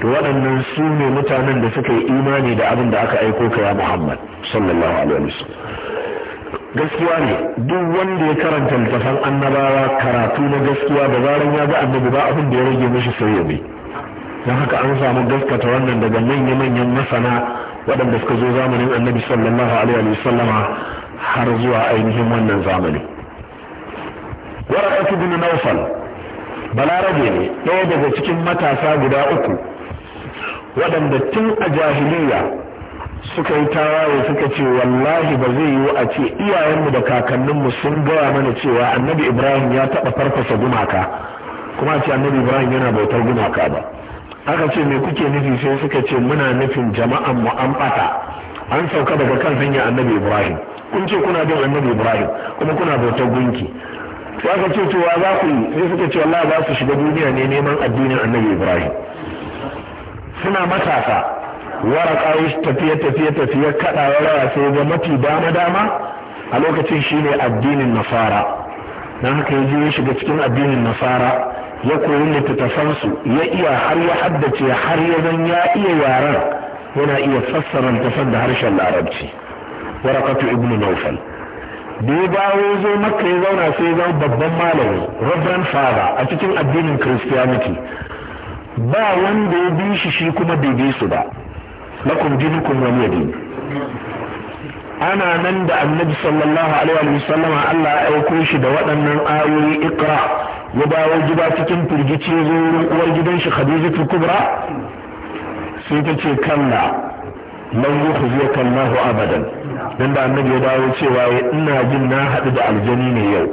to waɗannan su ne mutanen da suka yi imani da abin da aka aiko ka ya muhammad sallallahu alaihi gaskiya ne duk wanda ya karanta littattafan annabawa karatu na gaskiya da zaran ya ga annabi ba abin da ya rage mashi sai ya bi don haka an samu gaskata wannan daga manya-manyan masana waɗanda suka zo zamanin annabi sallallahu alaihi wasallama har zuwa ainihin wannan zamani waraqatu bin nawfal balarabe ne ɗaya daga cikin matasa guda uku waɗanda tun a jahiliya suka yi tawaye suka ce wallahi ba zai yiwu a ce iyayenmu da kakanninmu sun gaya mana cewa annabi ibrahim ya taɓa farfasa gumaka kuma ce annabi ibrahim yana bautar gumaka ba aka ce me kuke nufi sai suka ce muna nufin jama'an mu an ɓata an sauka daga kan hanya annabi ibrahim kun ce kuna bin annabi ibrahim kuma kuna bautar gunki ya ka ce cewa za ku yi sai suka ce wallahi za su shiga duniya ne neman addinin annabi ibrahim suna matasa waraka ya tafiye tafiye tafiye kaɗa ya sai ga mafi dama dama a lokacin shine addinin nasara don haka ya ya shiga cikin addinin nasara ya koyi su ya iya har ya haddace har ya zan ya iya yaren yana iya fassara littattafan da harshen larabci warakatu ibnu naufal da ya dawo zo maka ya zauna sai ya zama babban malami reverend father a cikin addinin christianity ba wanda ya bi shi shi kuma bai bi su ba lakum dinukum wani yadi ana nan da annabi sallallahu alaihi wa sallama Allah ya aiko shi da waɗannan ayoyi ikra ya dawo gida cikin firgici zo uwar gidan shi khadijatu kubra sai ta ce kalla lan yukhziyaka Allahu abadan dan da annabi ya dawo cewa ina jin na haɗu da aljani ne yau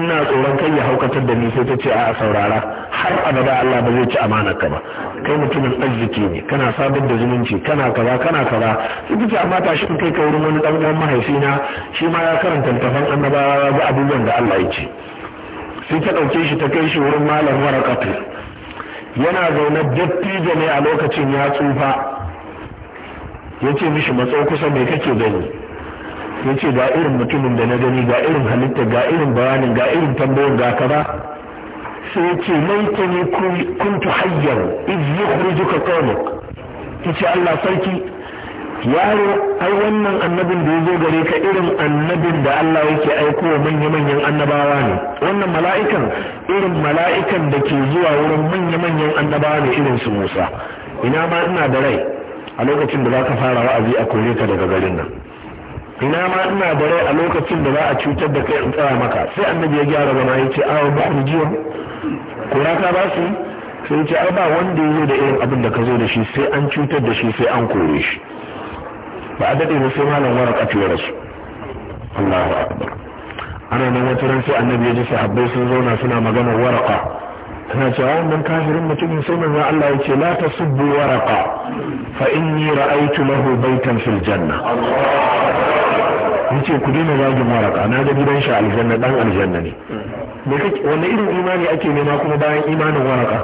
ina tsoron kai ya haukatar da ni sai ta ce a saurara har abada Allah ba zai ci amana ka ba kai mutumin arziki ne kana sabon da zumunci kana kaza kana kaza sai ta ce amma ta shi kai ka wurin wani dan uwan mahaifi na shi ma ya karanta littafin annabawa ya ga abubuwan da Allah ya ce sai ta ɗauke shi ta kai shi wurin malam warakatu yana zaune dattijo ne a lokacin ya tsufa ya ce mishi matso kusa mai kake gani ya ce ga irin mutumin da na gani ga irin halitta ga irin bayanin ga irin tambayin ga kaza sai ya ce laitani kuntu hayyar iz kawai ya ce Allah sarki yaro ai wannan annabin da ya zo gare ka irin annabin da Allah yake aiko wa manya-manyan annabawa ne wannan mala'ikan irin mala'ikan da ke zuwa wurin manya-manyan annabawa ne irin su Musa ina ma ina da rai a lokacin da za ka fara wa'azi a kore ka daga garin nan ina ma ina da rai a lokacin da za a cutar da kai in tsaya maka sai annabi ya gyara zama ya ce awa ba ku kora ka ba su sai ce ba wanda ya zo da irin abin da ka zo da shi sai an cutar da shi sai an kore shi ba a daɗe ba sai malam waraka fiye da su Allahu akbar ana nan wata ran sai annabi ya ji sahabbai sun zauna suna maganar waraka tana cewa wannan kafirin mutumin sai manzo Allah ya ce la tasubbu waraqa fa inni ra'aytu lahu baytan fil janna yace ku daina zagin waraka na ga gidan shi aljanna dan aljanna ne me kake irin imani ake nema kuma bayan imanin waraka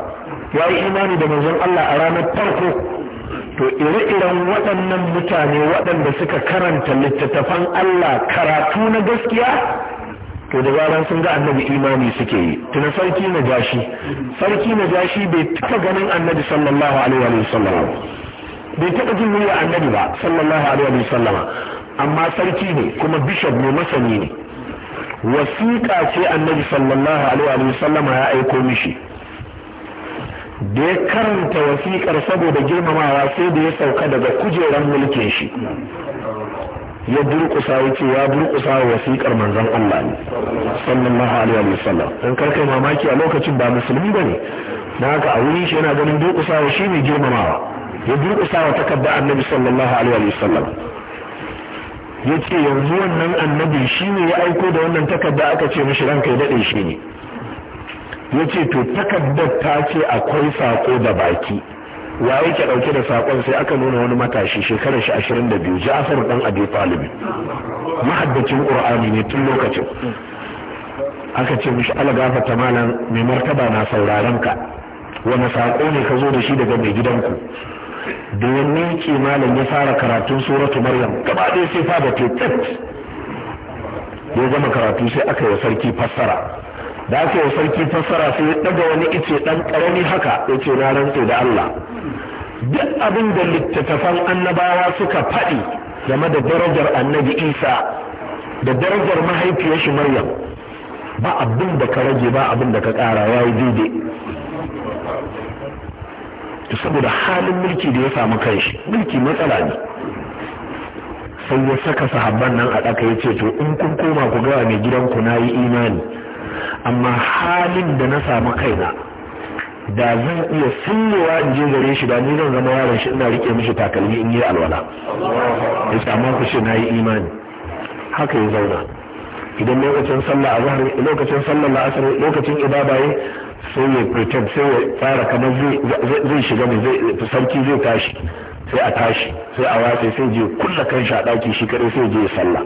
ya imani da manzon Allah a ranar farko to ire-iren waɗannan mutane waɗanda suka karanta littattafan Allah karatu na gaskiya to da zaran sun ga annabi imani suke yi tuna sarki na jashi sarki na jashi bai taɓa ganin annabi sallallahu alaihi wa sallama bai taɓa jin murya annabi ba sallallahu alaihi wa sallama amma sarki ne kuma bishop ne masani ne wasiƙa ce annabi sallallahu alaihi wa sallama ya aiko mishi da ya karanta wasiƙar saboda girmamawa sai da ya sauka daga kujeran mulkin shi ya durƙusa ce ya durƙusa wasiƙar manzon Allah ne sallallahu alaihi wa sallam dan karkai mamaki a lokacin ba musulmi bane dan haka a wurin shi yana ganin durƙusawa shine girmamawa ya durƙusa wa annabi sallallahu alaihi wa sallam yace yanzu wannan annabi shi ne ya aiko da wannan takarda aka ce mishi ranka ya daɗe shi ne yace to takardar ta ce akwai sako da baki wa yake ɗauke da sakon sai aka nuna wani matashi shekarar shi 22 Ja'far ɗan Abi Talib mahaddacin ƙur'ani ne tun lokacin aka ce mishi ala ta malam mai martaba na sauraron ka wani sako ne ka zo da shi daga mai gidanku da ya ke malam ya fara karatun suratu maryam gaba ɗaya sai fa da ya gama karatu sai aka yi sarki fassara da aka yi sarki fassara sai ya ɗaga wani ice ɗan ƙarami haka ya ce na rantse da Allah duk abin da littattafan annabawa suka faɗi game da darajar annabi isa da darajar mahaifiyar shi maryam ba abin da ka rage ba abin da ka ƙara ya yi daidai to saboda halin mulki da ya samu kanshi mulki matsala ne sai ya saka sahabban nan a ɗaka ya ce to in kun koma ku gawa mai gidanku na yi imani amma halin da na samu kaina da zan iya sinyewa in je gare shi da ni zan zama yaron shi ina rike mishi takalmi in yi alwala ya samu ku na yi imani haka ya zauna idan lokacin sallah a zahar lokacin sallah la'asar lokacin ibada sai ya pretend sai ya fara kamar zai shiga mai sarki zai tashi sai a tashi sai a watse sai je kulla kan shi a ɗaki shi kadai sai je sallah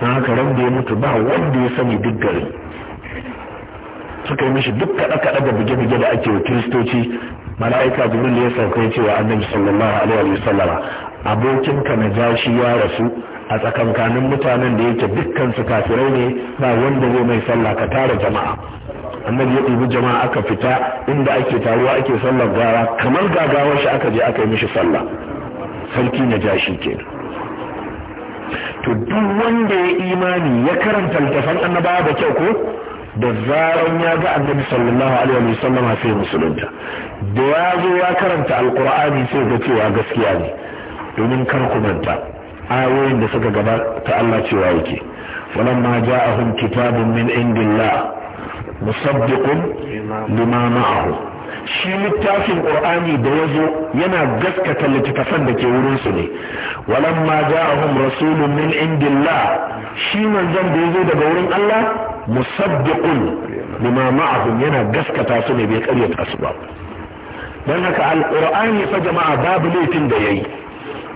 don haka ran da ya mutu ba wanda ya sani duk gari suka yi mishi duk kada kada da buge-buge da ake wa kiristoci mala'ika jibril ya sauka cewa annabi sallallahu alaihi wa sallama abokinka na jashi ya rasu a tsakankanin mutanen da yake dukkan su kafirai ne ba wanda zai mai sallah ka tara jama'a annabi ya ɗibi jama'a aka fita inda ake taruwa ake sallar gara kamar gagawar shi aka je aka yi mishi sallah sarki na ja shi ke to duk wanda ya imani ya karanta littafan annabawa da kyau ko da zaran ya ga annabi sallallahu alaihi wa sallam sai musulunta da ya zo ya karanta alqur'ani sai ga cewa gaskiya ne domin kar ku manta ayoyin da suka gabata Allah cewa yake falamma ja'ahum kitabun min indillah musaddiqun lima ma'ahu shi littafin qur'ani da yazo yana gaskata littafan da ke wurin su ne walamma ja'ahum rasulun min indillah shi manzon da zo daga wurin Allah musaddiqun lima ma'ahum yana gaskata su ne bai karyata su ba dan haka alqur'ani fa jama'a babu laifin da yayi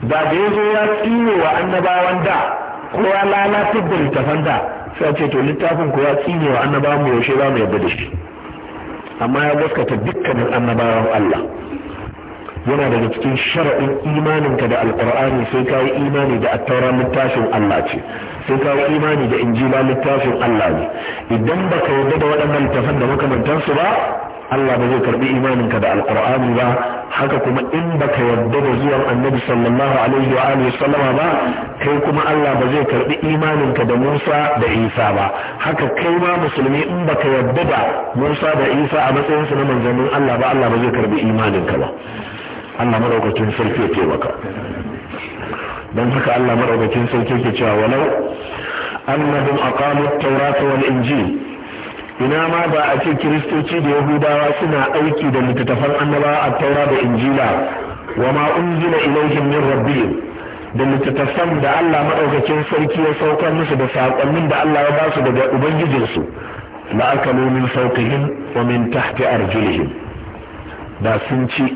da da zo ya tsine wa annabawan da ko ya lalatar da littafan da sai ce to littafin ku ya tsine wa annabawan mu yaushe za mu yarda da shi amma ya gaskata dukkanin annabawan Allah yana daga cikin shara'in imaninka da alkur'ani sai ka yi imani da attaura littafin Allah ce sai ka yi imani da injila littafin Allah ne idan ba ka yarda da waɗannan littafan da makamantansu ba Allah ba zai karbi imaninka da alkur'ani ba haka kuma in ba ka yarda da zuwan annabi sallallahu alaihi wa alihi sallama ba kai kuma Allah ba zai karbi imaninka da Musa da Isa ba haka kai ma musulmi in ba ka yarda da Musa da Isa a matsayinsu na manzannin Allah ba Allah ba zai karbi imaninka ba Allah madaukakin sarki ya taimaka don haka Allah madaukakin sarki ke cewa walau annahum aqamu at-taurata wal injil ina ma ba a ce kiristoci da yahudawa suna aiki da littattafan annabawa a taura da injila wa ma unzila ilaihim min rabbihim da littattafan da Allah maɗaukakin sarki ya saukar musu da saƙonnin da Allah ya ba su daga Ubangijinsu la'akalu min sauƙihim wa min tahti arjulihim da sun ci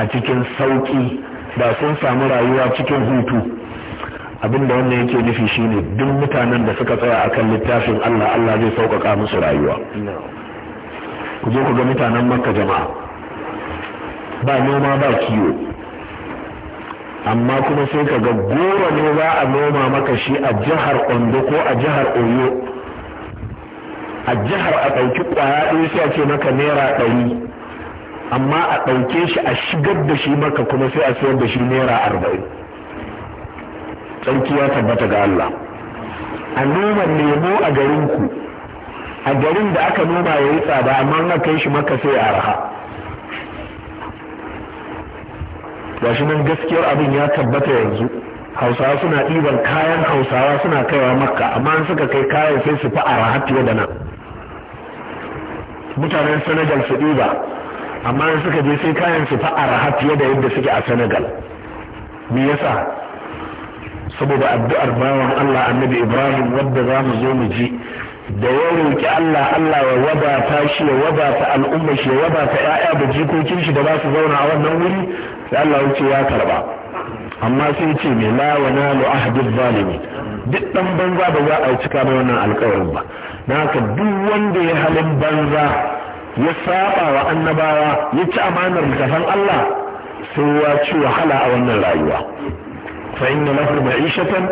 a cikin sauƙi da sun samu rayuwa cikin hutu abinda wannan yake nufi shine duk mutanen da suka tsaya akan littafin Allah Allah zai sauƙaƙa musu rayuwa ku je ku ga mutanen makka jama'a ba noma ba kiwo amma kuma sai ka ga goro ne za a noma maka shi a jihar ondo ko a jihar oyo a jihar a ɗauki ƙwaya ɗaya sai a maka naira ɗari amma a ɗauke shi a shigar da shi maka kuma sai a siyar da shi naira arba'in tsarki ya tabbata ga Allah a noma lemo a garin a garin da aka noma ya yi tsada amma na kai shi maka sai a raha gashi nan gaskiyar abin ya tabbata yanzu hausawa suna ɗiban kayan hausawa suna kaiwa makka amma an suka kai kayan sai su fi a raha fiye da nan mutanen senegal su ɗiba amma in suka je sai kayan su fa arha fiye da yadda suke a Senegal me yasa saboda addu'ar bawan Allah annabi Ibrahim wadda za mu zo mu ji da ya roƙi Allah Allah ya wadata shi ya wadata al'umma shi ya wadata ƴaƴa da jikokin shi da za su zauna a wannan wuri sai Allah ya ce ya karba amma sai ce me la wa nalu ahdi zalimi duk dan banza ba za a cika mai wannan alƙawarin ba na haka duk wanda ya halin banza ya saba wa annabawa ya ci amanar littafan Allah sai ya wahala a wannan rayuwa fa inna lahu ma'ishatan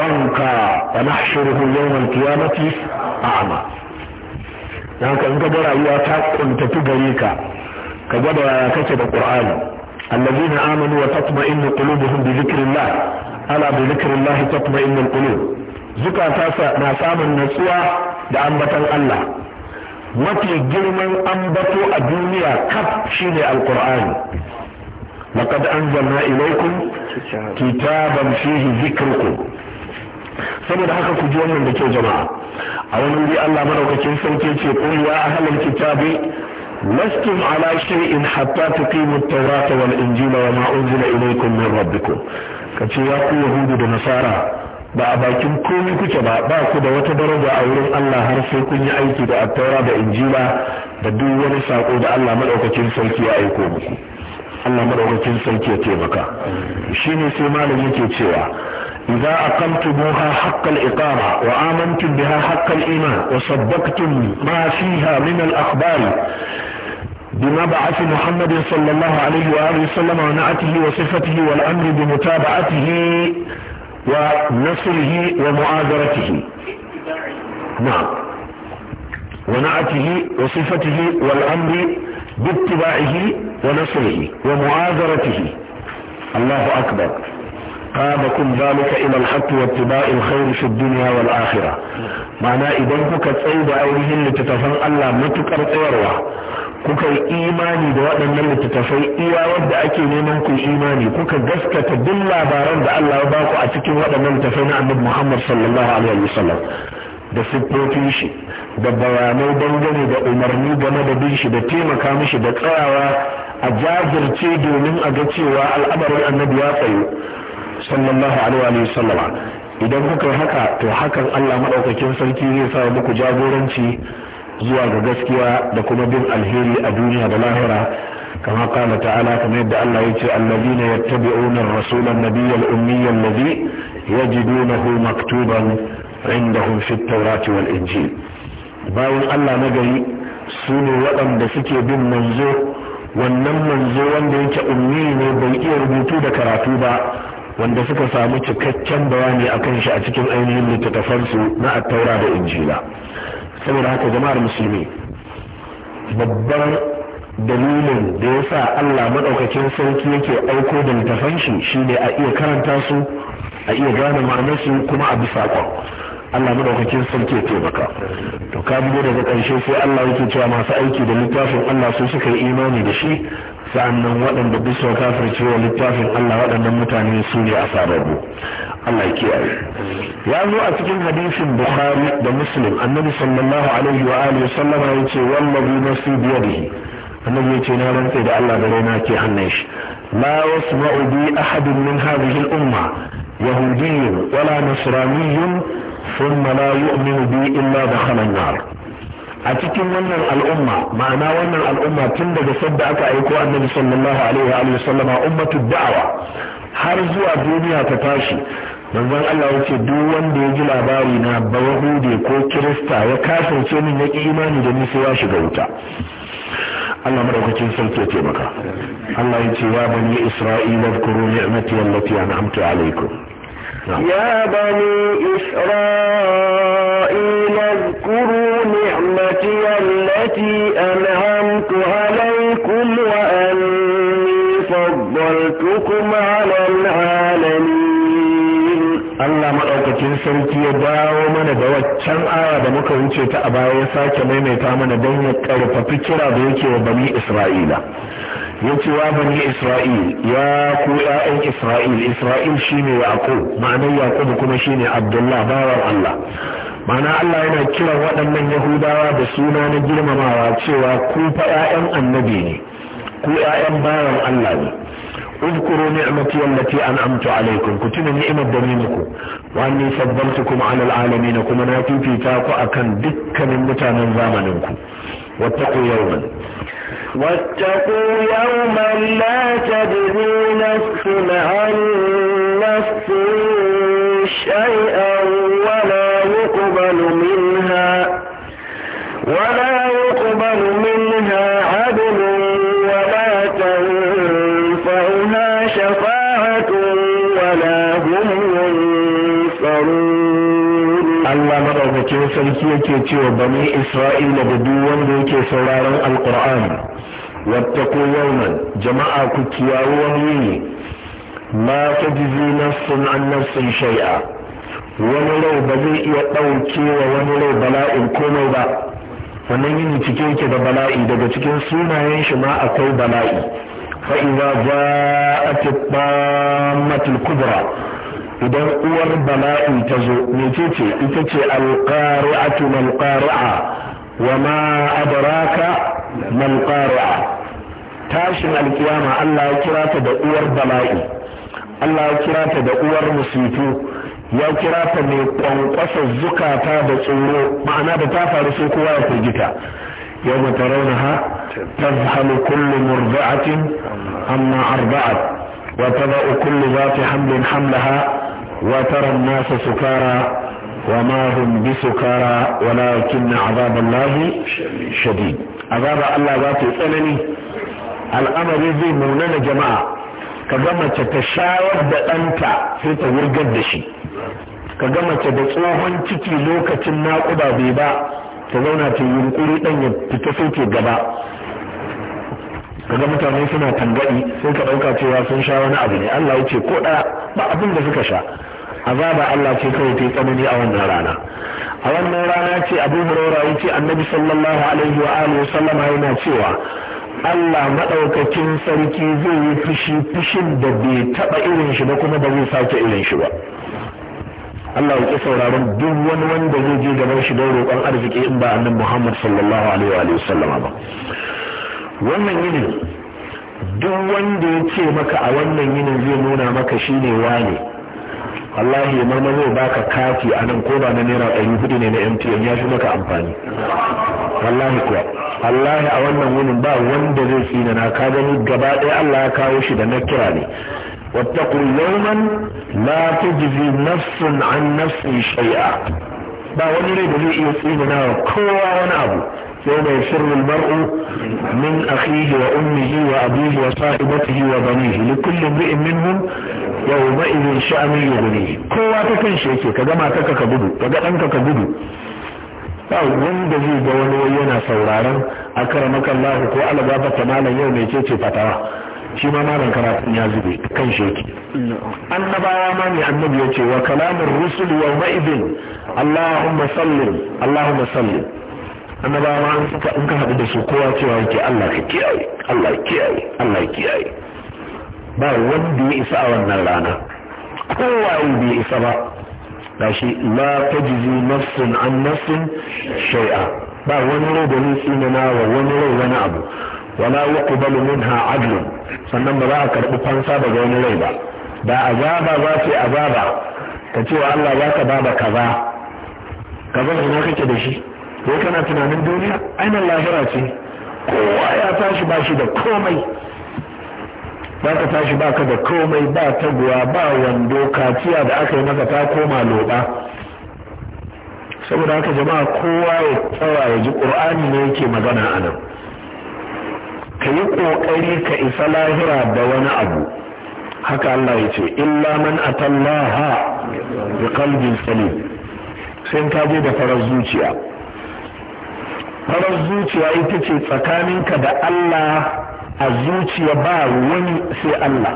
banka wa nahshuruhu yawm al-qiyamati a'ma dan ka in ka ga rayuwa ta kuntatu gare ka ka gwada yaya kake da qur'ani allazina amanu wa tatma'innu qulubuhum bi dhikrillah ala bi dhikrillah tatma'innu al-qulub zukata na samun natsuwa da ambatan Allah mafi girman ambato a duniya kaf shi ne alkur'ani laqad anzalna ilaykum kitaban fihi dhikrukum saboda haka ku ji wannan da ke jama'a a wani wuri Allah madaukakin sarki ce qul ya ahlal kitabi lastum ala shay'in hatta tuqimu at-taurata wal injila wa ma unzila ilaykum min rabbikum kace ya ku yahudu da nasara ba a bakin komai kuke ba ba ku da wata daraja a wurin Allah har sai kun yi aiki da attaura da injila da duk wani sako da Allah madaukakin sarki ya aika muku Allah madaukakin sarki ya taimaka shine sai malamin yake cewa idza aqamtumuha haqqal iqama wa amantum biha haqqal iman wa saddaqtum ma fiha min al akhbar بمبعث محمد صلى الله عليه وآله وسلم ونعته وصفته والأمر بمتابعته ونصره ومؤازرته نعم ونعته وصفته والأمر باتباعه ونصره ومؤازرته الله أكبر قام ذلك إلى الحق واتباع الخير في الدنيا والآخرة معنى إذا كنت تسيد أولهم لتتفن الله متكر تيروه kuka yi imani da waɗannan littattafai iya wadda ake neman ku imani kuka gaskata duk labaran da Allah ya baku a cikin waɗannan littattafai na Annabi Muhammad sallallahu alaihi wasallam da siffofin shi da bayanai dangane da umarni game da bin shi da taimaka mishi da tsayawa a jajirce domin a ga cewa al'amarin annabi ya tsayo sallallahu alaihi wasallam idan kuka haka to hakan Allah madaukakin sarki zai sa muku jagoranci zuwa ga gaskiya da kuma bin alheri a duniya da lahira kama kala ta'ala kamar yadda Allah ya ce allazina yattabi'una ar-rasula an-nabiyya al-ummiyya allazi yajidunahu maktuban indahum fi taurati wal-injil bayan Allah na gari su ne waɗanda suke bin manzo wannan manzo wanda yake ummi ne bai iya rubutu da karatu ba wanda suka samu cikakken bayani akan shi a cikin ainihin littattafansu na attaura da injila saboda haka jama'ar musulmi babban dalilin da ya sa Allah maɗaukakin sarki yake aiko da littafan shi shine a iya karanta su a iya gane su kuma a bi saƙon Allah maɗaukakin sarki ya taimaka to ka bugo daga ƙarshe sai Allah yake cewa masu aiki da littafin Allah su suka yi imani da shi sa'annan waɗanda bisa wa littafin Allah waɗannan mutane su ne a sababu Allah kiyaye ya zo a cikin hadisin bukhari da muslim annabi sallallahu alaihi wa alihi ya ce wallahi nafsi biyadihi annabi ya ce na rantsa da Allah da raina ke hannun shi la yasma'u bi ahadin min hadhihi al-umma yahudiyyun wala nasraniyyun thumma la yu'minu bi illa dakhala an-nar a cikin wannan al'umma ma'ana wannan al'umma tun daga sadda aka aiko annabi sallallahu alaihi wa alihi wasallama ummatu da'awa har zuwa duniya ta tashi yanzu Allah ya ce duk wanda ya ji labari na bawahude ko kirista ya kasance min ya ƙi imani da ni sai ya shiga wuta Allah madaukakin sarki ya taimaka Allah ya ce ya bani Isra'ila zkuru ni'mati allati an'amtu alaikum يا بني إسرائيل اذكروا نعمتي التي أنعمت عليكم وأني فضلتكم على maɗaukakin sarki ya dawo mana da waccan aya da muka wuce ta a baya ya sake maimaita mana don ya karfafi kira da yake wa bani isra'ila ya ce wa bani isra'il ya ku ya'yan isra'il isra'il shine yaqub ma'anar yaqub kuma shine abdullah bawan allah ma'ana allah yana kiran waɗannan yahudawa da suna na girmamawa cewa ku fa ya'yan annabi ne ku ya'yan bawan allah ne اذكروا نعمتي التي انعمت عليكم كتنا نعمة دميمكم واني فضلتكم على العالمين كما ناتي في تاكو اكن دك من متى من زامنكم واتقوا يوما واتقوا يوما لا تدري نفس عن نفس شيئا madaukakin sarki yake cewa bani isra'ila da duk wanda yake sauraron wata wattaqu yawman jama'a ku kiyawo wani ne ma jizi nafsun an nafsin shay'a wani rai ba zai iya ɗauke wa wani rai bala'in komai ba wannan yini cike yake da bala'i daga cikin sunayen shi ma akwai bala'i fa'iza za a kubra idan uwar bala'i ta zo mecece ita ce alqari'atu mal qari'a wa ma adraka mal qari'a tashin alkiyama Allah ya kira ta da uwar bala'i Allah ya kira ta da uwar musifu ya kira ta mai kwankwasa zukata da tsoro ma'ana da ta faru sai kowa ya firgita yau mu tarauna ha tazhalu kullu murdi'atin amma arba'at وتضع كل ذات حمل حملها وترى الناس سكارى وما هم بسكارى ولكن عذاب الله شديد عذاب الله ذات tsanani al'amari zai munana jama'a ka ga mace ta shayar da ɗanta sai ta wurgar da shi ka ga mace da tsohon ciki lokacin naƙuda bai ba ka zauna ta yunkuri ɗan ya fita sai ke gaba kaga mutane suna tangadi sai ka dauka cewa sun sha wani abu ne Allah ya ce ko ɗaya ba abin da suka sha azaba Allah ce kawai ta yi tsanani a wannan rana a wannan rana ce Abu Hurairah ya ce Annabi sallallahu alaihi wa alihi sallama yana cewa Allah madaukakin sarki zai yi fushi fushin da bai taba irin shi ba kuma ba zai sake irin shi ba Allah ya sauraron duk wani wanda zai je gaban shi don roƙon arziki in ba annabi Muhammad sallallahu alaihi wa alihi sallama ba wannan yinin duk wanda ya ce maka a wannan yinin zai nuna maka shine wane ya marma zai baka kafi a nan ko ba na naira ɗari hudu ne na mtn ya fi maka amfani wallahi kuwa wallahi a wannan wunin ba wanda zai tsina na ka gani gaba ɗaya allah ya kawo shi da na kira ne واتقوا يوما لا تجزي nafsun an nafsi شيئا ba wani rai da zai iya tsina wa kowa wani abu يوم يفر المرء من أخيه وأمه وأبيه وصاحبته وبنيه لكل امرئ منهم يومئذ شأن يغنيه كوا تكن شيكي كذا ما تكا كبدو كذا أنك كبدو ba wanda zai ga wani wai yana sauraron akaramaka Allah ko Allah gaba ta malam yau mai ce fatawa shi malam karatun ya zube kan sheki annabawa ma ne annabi ya wa rusul yawma idin Allahumma annabawa in ka haɗu da su kowa cewa yake Allah ka kiyaye Allah ya kiyaye Allah ya kiyaye ba wanda ya isa a wannan rana kowa in bai isa ba shi. la tajzi nafsun an nafsin shay'a ba wani rai da nutsi na wa wani rai wani abu wala yuqbalu minha adlun sannan ba za a karɓi fansa daga wani rai ba da azaba za ta azaba ka cewa Allah za ka ba kaza kaza ina kake da shi wai kana tunanin duniya ainihin lahira ce kowa ya tashi ba shi da komai ba ka tashi ba ka da komai ba taguwa ba wando kaciya da aka yi maka ta koma loba saboda haka jama'a kowa ya tsawa ya ji ƙur'ani ne yake magana a nan ka yi ƙoƙari ka isa lahira da wani abu haka Allah ya ce illa man atallaha bi qalbin salim sai ka je da farar zuciya farar zuciya ita ce tsakaninka da Allah a zuciya ba wani sai Allah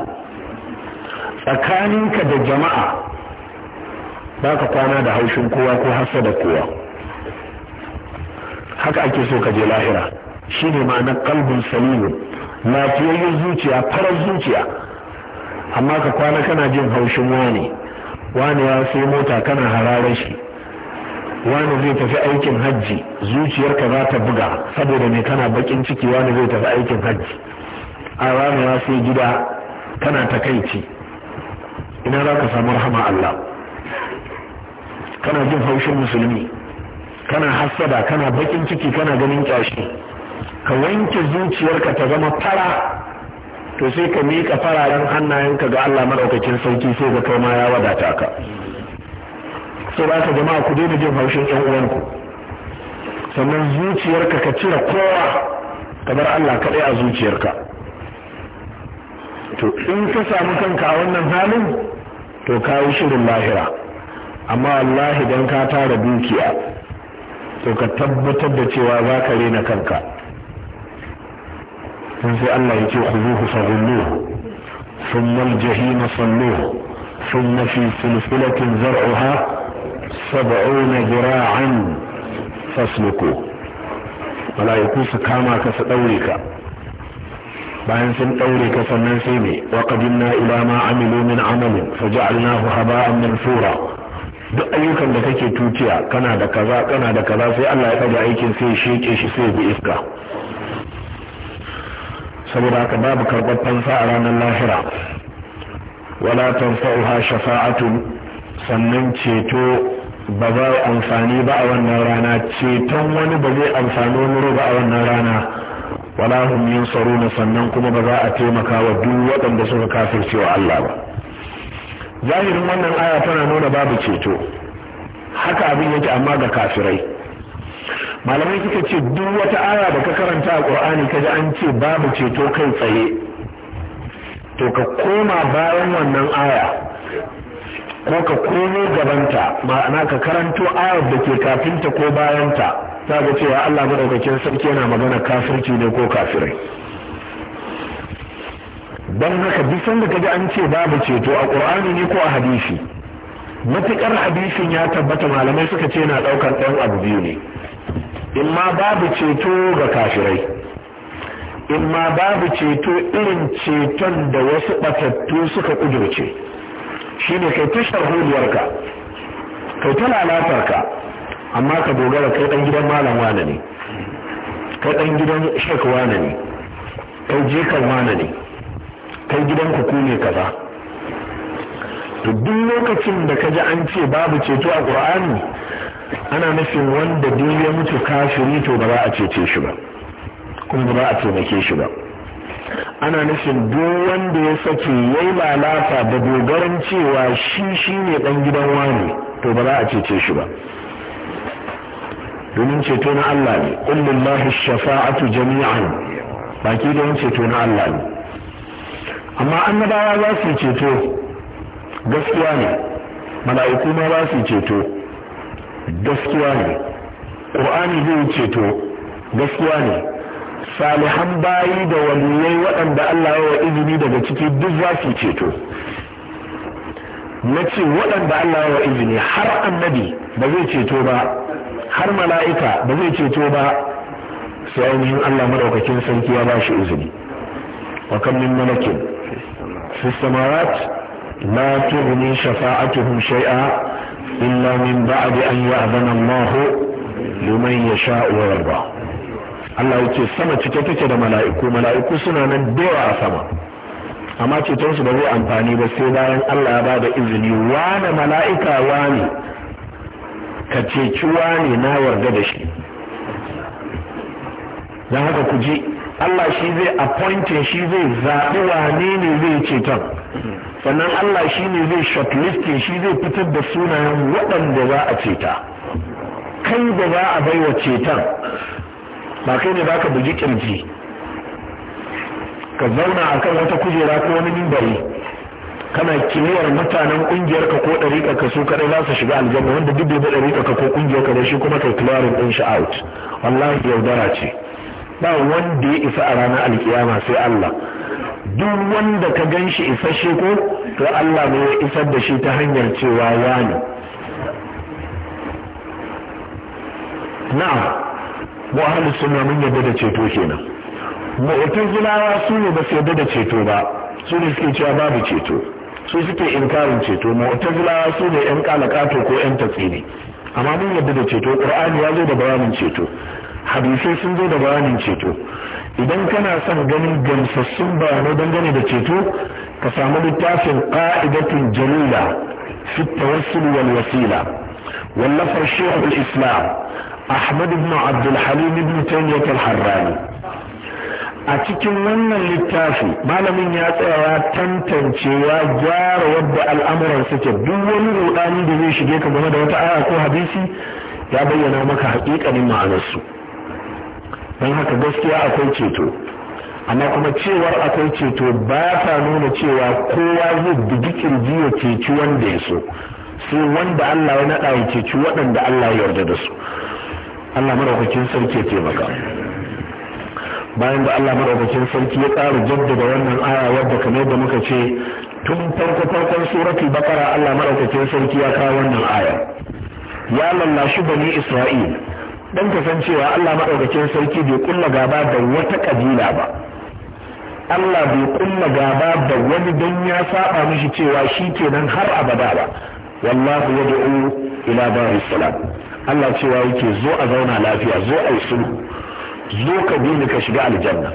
tsakaninka da jama'a ba ka kwana da haushin kowa ko hasa da kowa haka ake so ka je lahira shi ne ma'anar kalbin salimu lafiyayyar zuciya farar zuciya amma ka kwana kana jin haushin wani wani ya sai mota kana hararar shi wani zai tafi aikin hajji zuciyarka za ta buga saboda mai kana bakin ciki wani zai tafi aikin hajji a ranar ya sai gida kana ta ce ina za ka samu rahama Allah kana jin haushin musulmi kana hassada kana bakin ciki kana ganin kyashi ka wanke zuciyarka ta zama fara to sai ka miƙa fararen hannayenka ga Allah maɗaukakin sauki sai ga kai ma ya wadata ka sai ba ka jama'a ku daina jin haushin yan uwanku sannan zuciyarka ka cire kowa ka bar Allah kaɗai a zuciyarka to in ka samu kanka a wannan halin to ka yi shirin lahira amma wallahi dan ka tara dukiya to ka tabbatar da cewa za ka rena kanka sun sai Allah ya ce khuzuhu faghulluhu thumma al-jahima salluhu thumma fi silsilatin zar'uha saba'una zira'an fasluku mala'iku su kama ka su ɗaure ka bayan sun ɗaure ka sannan sai ne wakadin qadimna ila ma amilu min amalin faja'alnahu haba'an mansura duk ayyukan da kake tutiya kana da kaza kana da kaza sai Allah ya ɗaga aikin sai sheke shi sai bi iska saboda ka babu karɓar fansa a ranar lahira wala tanfa'uha shafa'atun sannan ceto ba za a amfani ba a wannan rana ceton wani ba zai amfani wani ba a wannan rana wala tsaro na sannan kuma ba za a taimaka wa duk waɗanda suka kafirce wa Allah ba zahirin wannan aya tana nuna babu ceto haka abin yake amma ga kafirai malamai suka ce duk wata aya da ka karanta a Qur'ani kaji an ce babu ceto kai tsaye to ka koma bayan wannan aya ko ka komo gabanta ma'ana ka karanto ayar da ke kafinta ko bayanta ta ga cewa Allah madaukakin sarki yana magana kafirci ne ko kafirai don haka duk sanda kaji an ce babu ceto a ƙur'ani ne ko a hadisi matuƙar hadisin ya tabbata malamai suka ce yana ɗaukar ɗan abu biyu ne in ma babu ceto ga kafirai in ma babu ceto irin ceton da wasu ɓatattu suka ƙudurce shi ne kai tushar huliyarka kai ta lalatarka amma ka dogara kai ɗan gidan malam wane ne kai ɗan gidan shek wane ne kai jikar wane ne kai gidan kuku ne kaza to duk lokacin da ka ji an ce babu ceto a ƙur'ani ana nufin wanda duk ya mutu kafiri to ba za a cece shi ba kuma ba a taimake shi ba ana nufin duk wanda ya sake yayi lalata da dogaran cewa shi shi ne ɗan gidan wani to ba za a cece shi ba domin ceto na Allah ne kullullahi shafa'atu jami'an baki don ceto na Allah ne amma annabawa za su ceto gaskiya ne mala'iku ma za su ceto gaskiya ne ƙur'ani zai ceto gaskiya ne salihan bayi da waliyai waɗanda Allah ya wa izini daga ciki duk za su ceto na ce waɗanda Allah ya wa izini har annabi ba zai ceto ba har mala'ika ba zai ceto ba sai ainihin Allah maɗaukakin sarki ya ba shi izini wa kan min malakin fi samawat la tughni shafa'atuhum shay'a illa min ba'di an ya'zana Allah liman yasha'u wa yarda Allah ya ce sama cike take da mala'iku mala'iku suna nan dawa a sama amma ceton su ba zai amfani ba sai bayan Allah ya bada izini wane mala'ika wane ka ceci wane na yarda da shi don haka ku ji Allah shi zai appointing shi zai zaɓi wane ne zai ceton sannan Allah shi ne zai shortlisting shi zai fitar da sunayen waɗanda za a ceta kai da za a baiwa ceton ba kai ne baka buji kirji ka zauna akan wata kujera ko wani mimbari kana kimiyyar mutanen kungiyar ka ko dariƙa ka su kadai za su shiga aljanna wanda duk bai dariƙa ka ko ƙungiyar ka da shi kuma kai clearing din shi out wallahi yaudara ce ba wanda ya isa a ranar alkiyama sai Allah duk wanda ka gan shi isasshe ko to Allah ne ya isar da shi ta hanyar cewa ya ne na'am mu ahlus sunna mun yadda da ceto kenan mu'tazilawa su ne ba su yadda da ceto ba su ne suke cewa babu ceto su suke inkarin ceto mu'tazilawa su ne yan kalakato ko yan tatsiri amma mun yadda da ceto qur'ani ya zo da bayanin ceto hadisai sun zo da bayanin ceto idan kana son ganin gamsassun bayanai dangane da ceto ka samu littafin qa'idatun jalila fi tawassul wal wasila wallafar shekul islam ahmad ibn abdul halim ibn taymiyyah al a cikin wannan littafi malamin ya tsaya tantancewa gyara yadda al'amuran suke duk wani rudani da zai shige ka game da wata aya ko hadisi ya bayyana maka hakikanin ma'anarsu don haka gaskiya akwai ceto amma kuma cewar akwai ceto ba ta nuna cewa kowa zai bugi kirji ya ceci wanda ya so sai wanda Allah ya naɗa ya ceci waɗanda Allah ya yarda da su Allah maraukakin sarki ya taimaka bayan da Allah maraukakin sarki ya ƙara jaddada wannan aya wadda kamar da muka ce tun farko farkon suratul bakara Allah maraukakin sarki ya kawo wannan aya ya lallashi bani Isra'il dan kasancewa Allah maraukakin sarki bai kulla gaba da wata kabila ba Allah bai kulla gaba da wani dan ya saba mishi cewa shi kenan har abada ba wallahu yad'u ila daris salam Allah cewa yake zo a zauna lafiya zo a yi sulhu zo ka bi ka shiga aljanna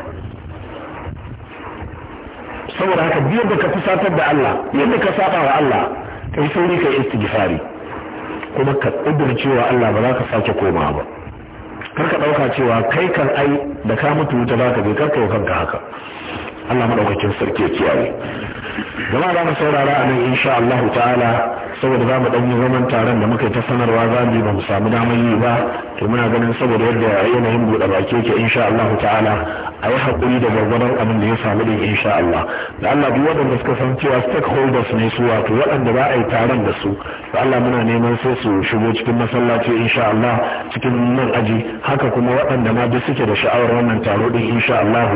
saboda haka biyar da ka fusatar da Allah yadda ka saba wa Allah ka yi sauri ka yi istighfari kuma ka cewa Allah ba za ka sake koma ba kar ka ɗauka cewa kai kan ai da ka mutu wuta za ka je kar ka kanka haka Allah madaukakin sarki ya kiyaye jama'a za saurara a nan insha Allah ta'ala saboda za mu ɗanyi zaman taron da muka yi ta sanarwa za mu ba mu samu damar yi ba to muna ganin saboda yadda yanayin buɗe baki yake insha Allah ta'ala a yi haƙuri da gwargwadon abin da ya samu din insha Allah da Allah duk waɗanda suka san cewa stakeholders ne su wato waɗanda za a yi taron da su da Allah muna neman sai su shigo cikin masallaci insha Allah cikin nan aji haka kuma waɗanda ma duk suke da sha'awar wannan taro din insha Allah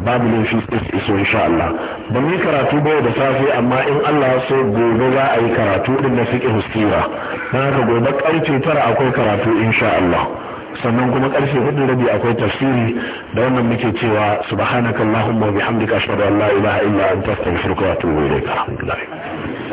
babu laifi sai su iso insha Allah ban yi karatu ba da safe amma in Allah so gobe za a yi karatu din na fiqh sira dan haka gobe karfe tara akwai karatu insha Allah sannan kuma karfe hudu rabi akwai tafsiri da wannan muke cewa subhanakallahumma wa bihamdika ashhadu an la ilaha illa anta astaghfiruka wa atubu ilaik alhamdulillah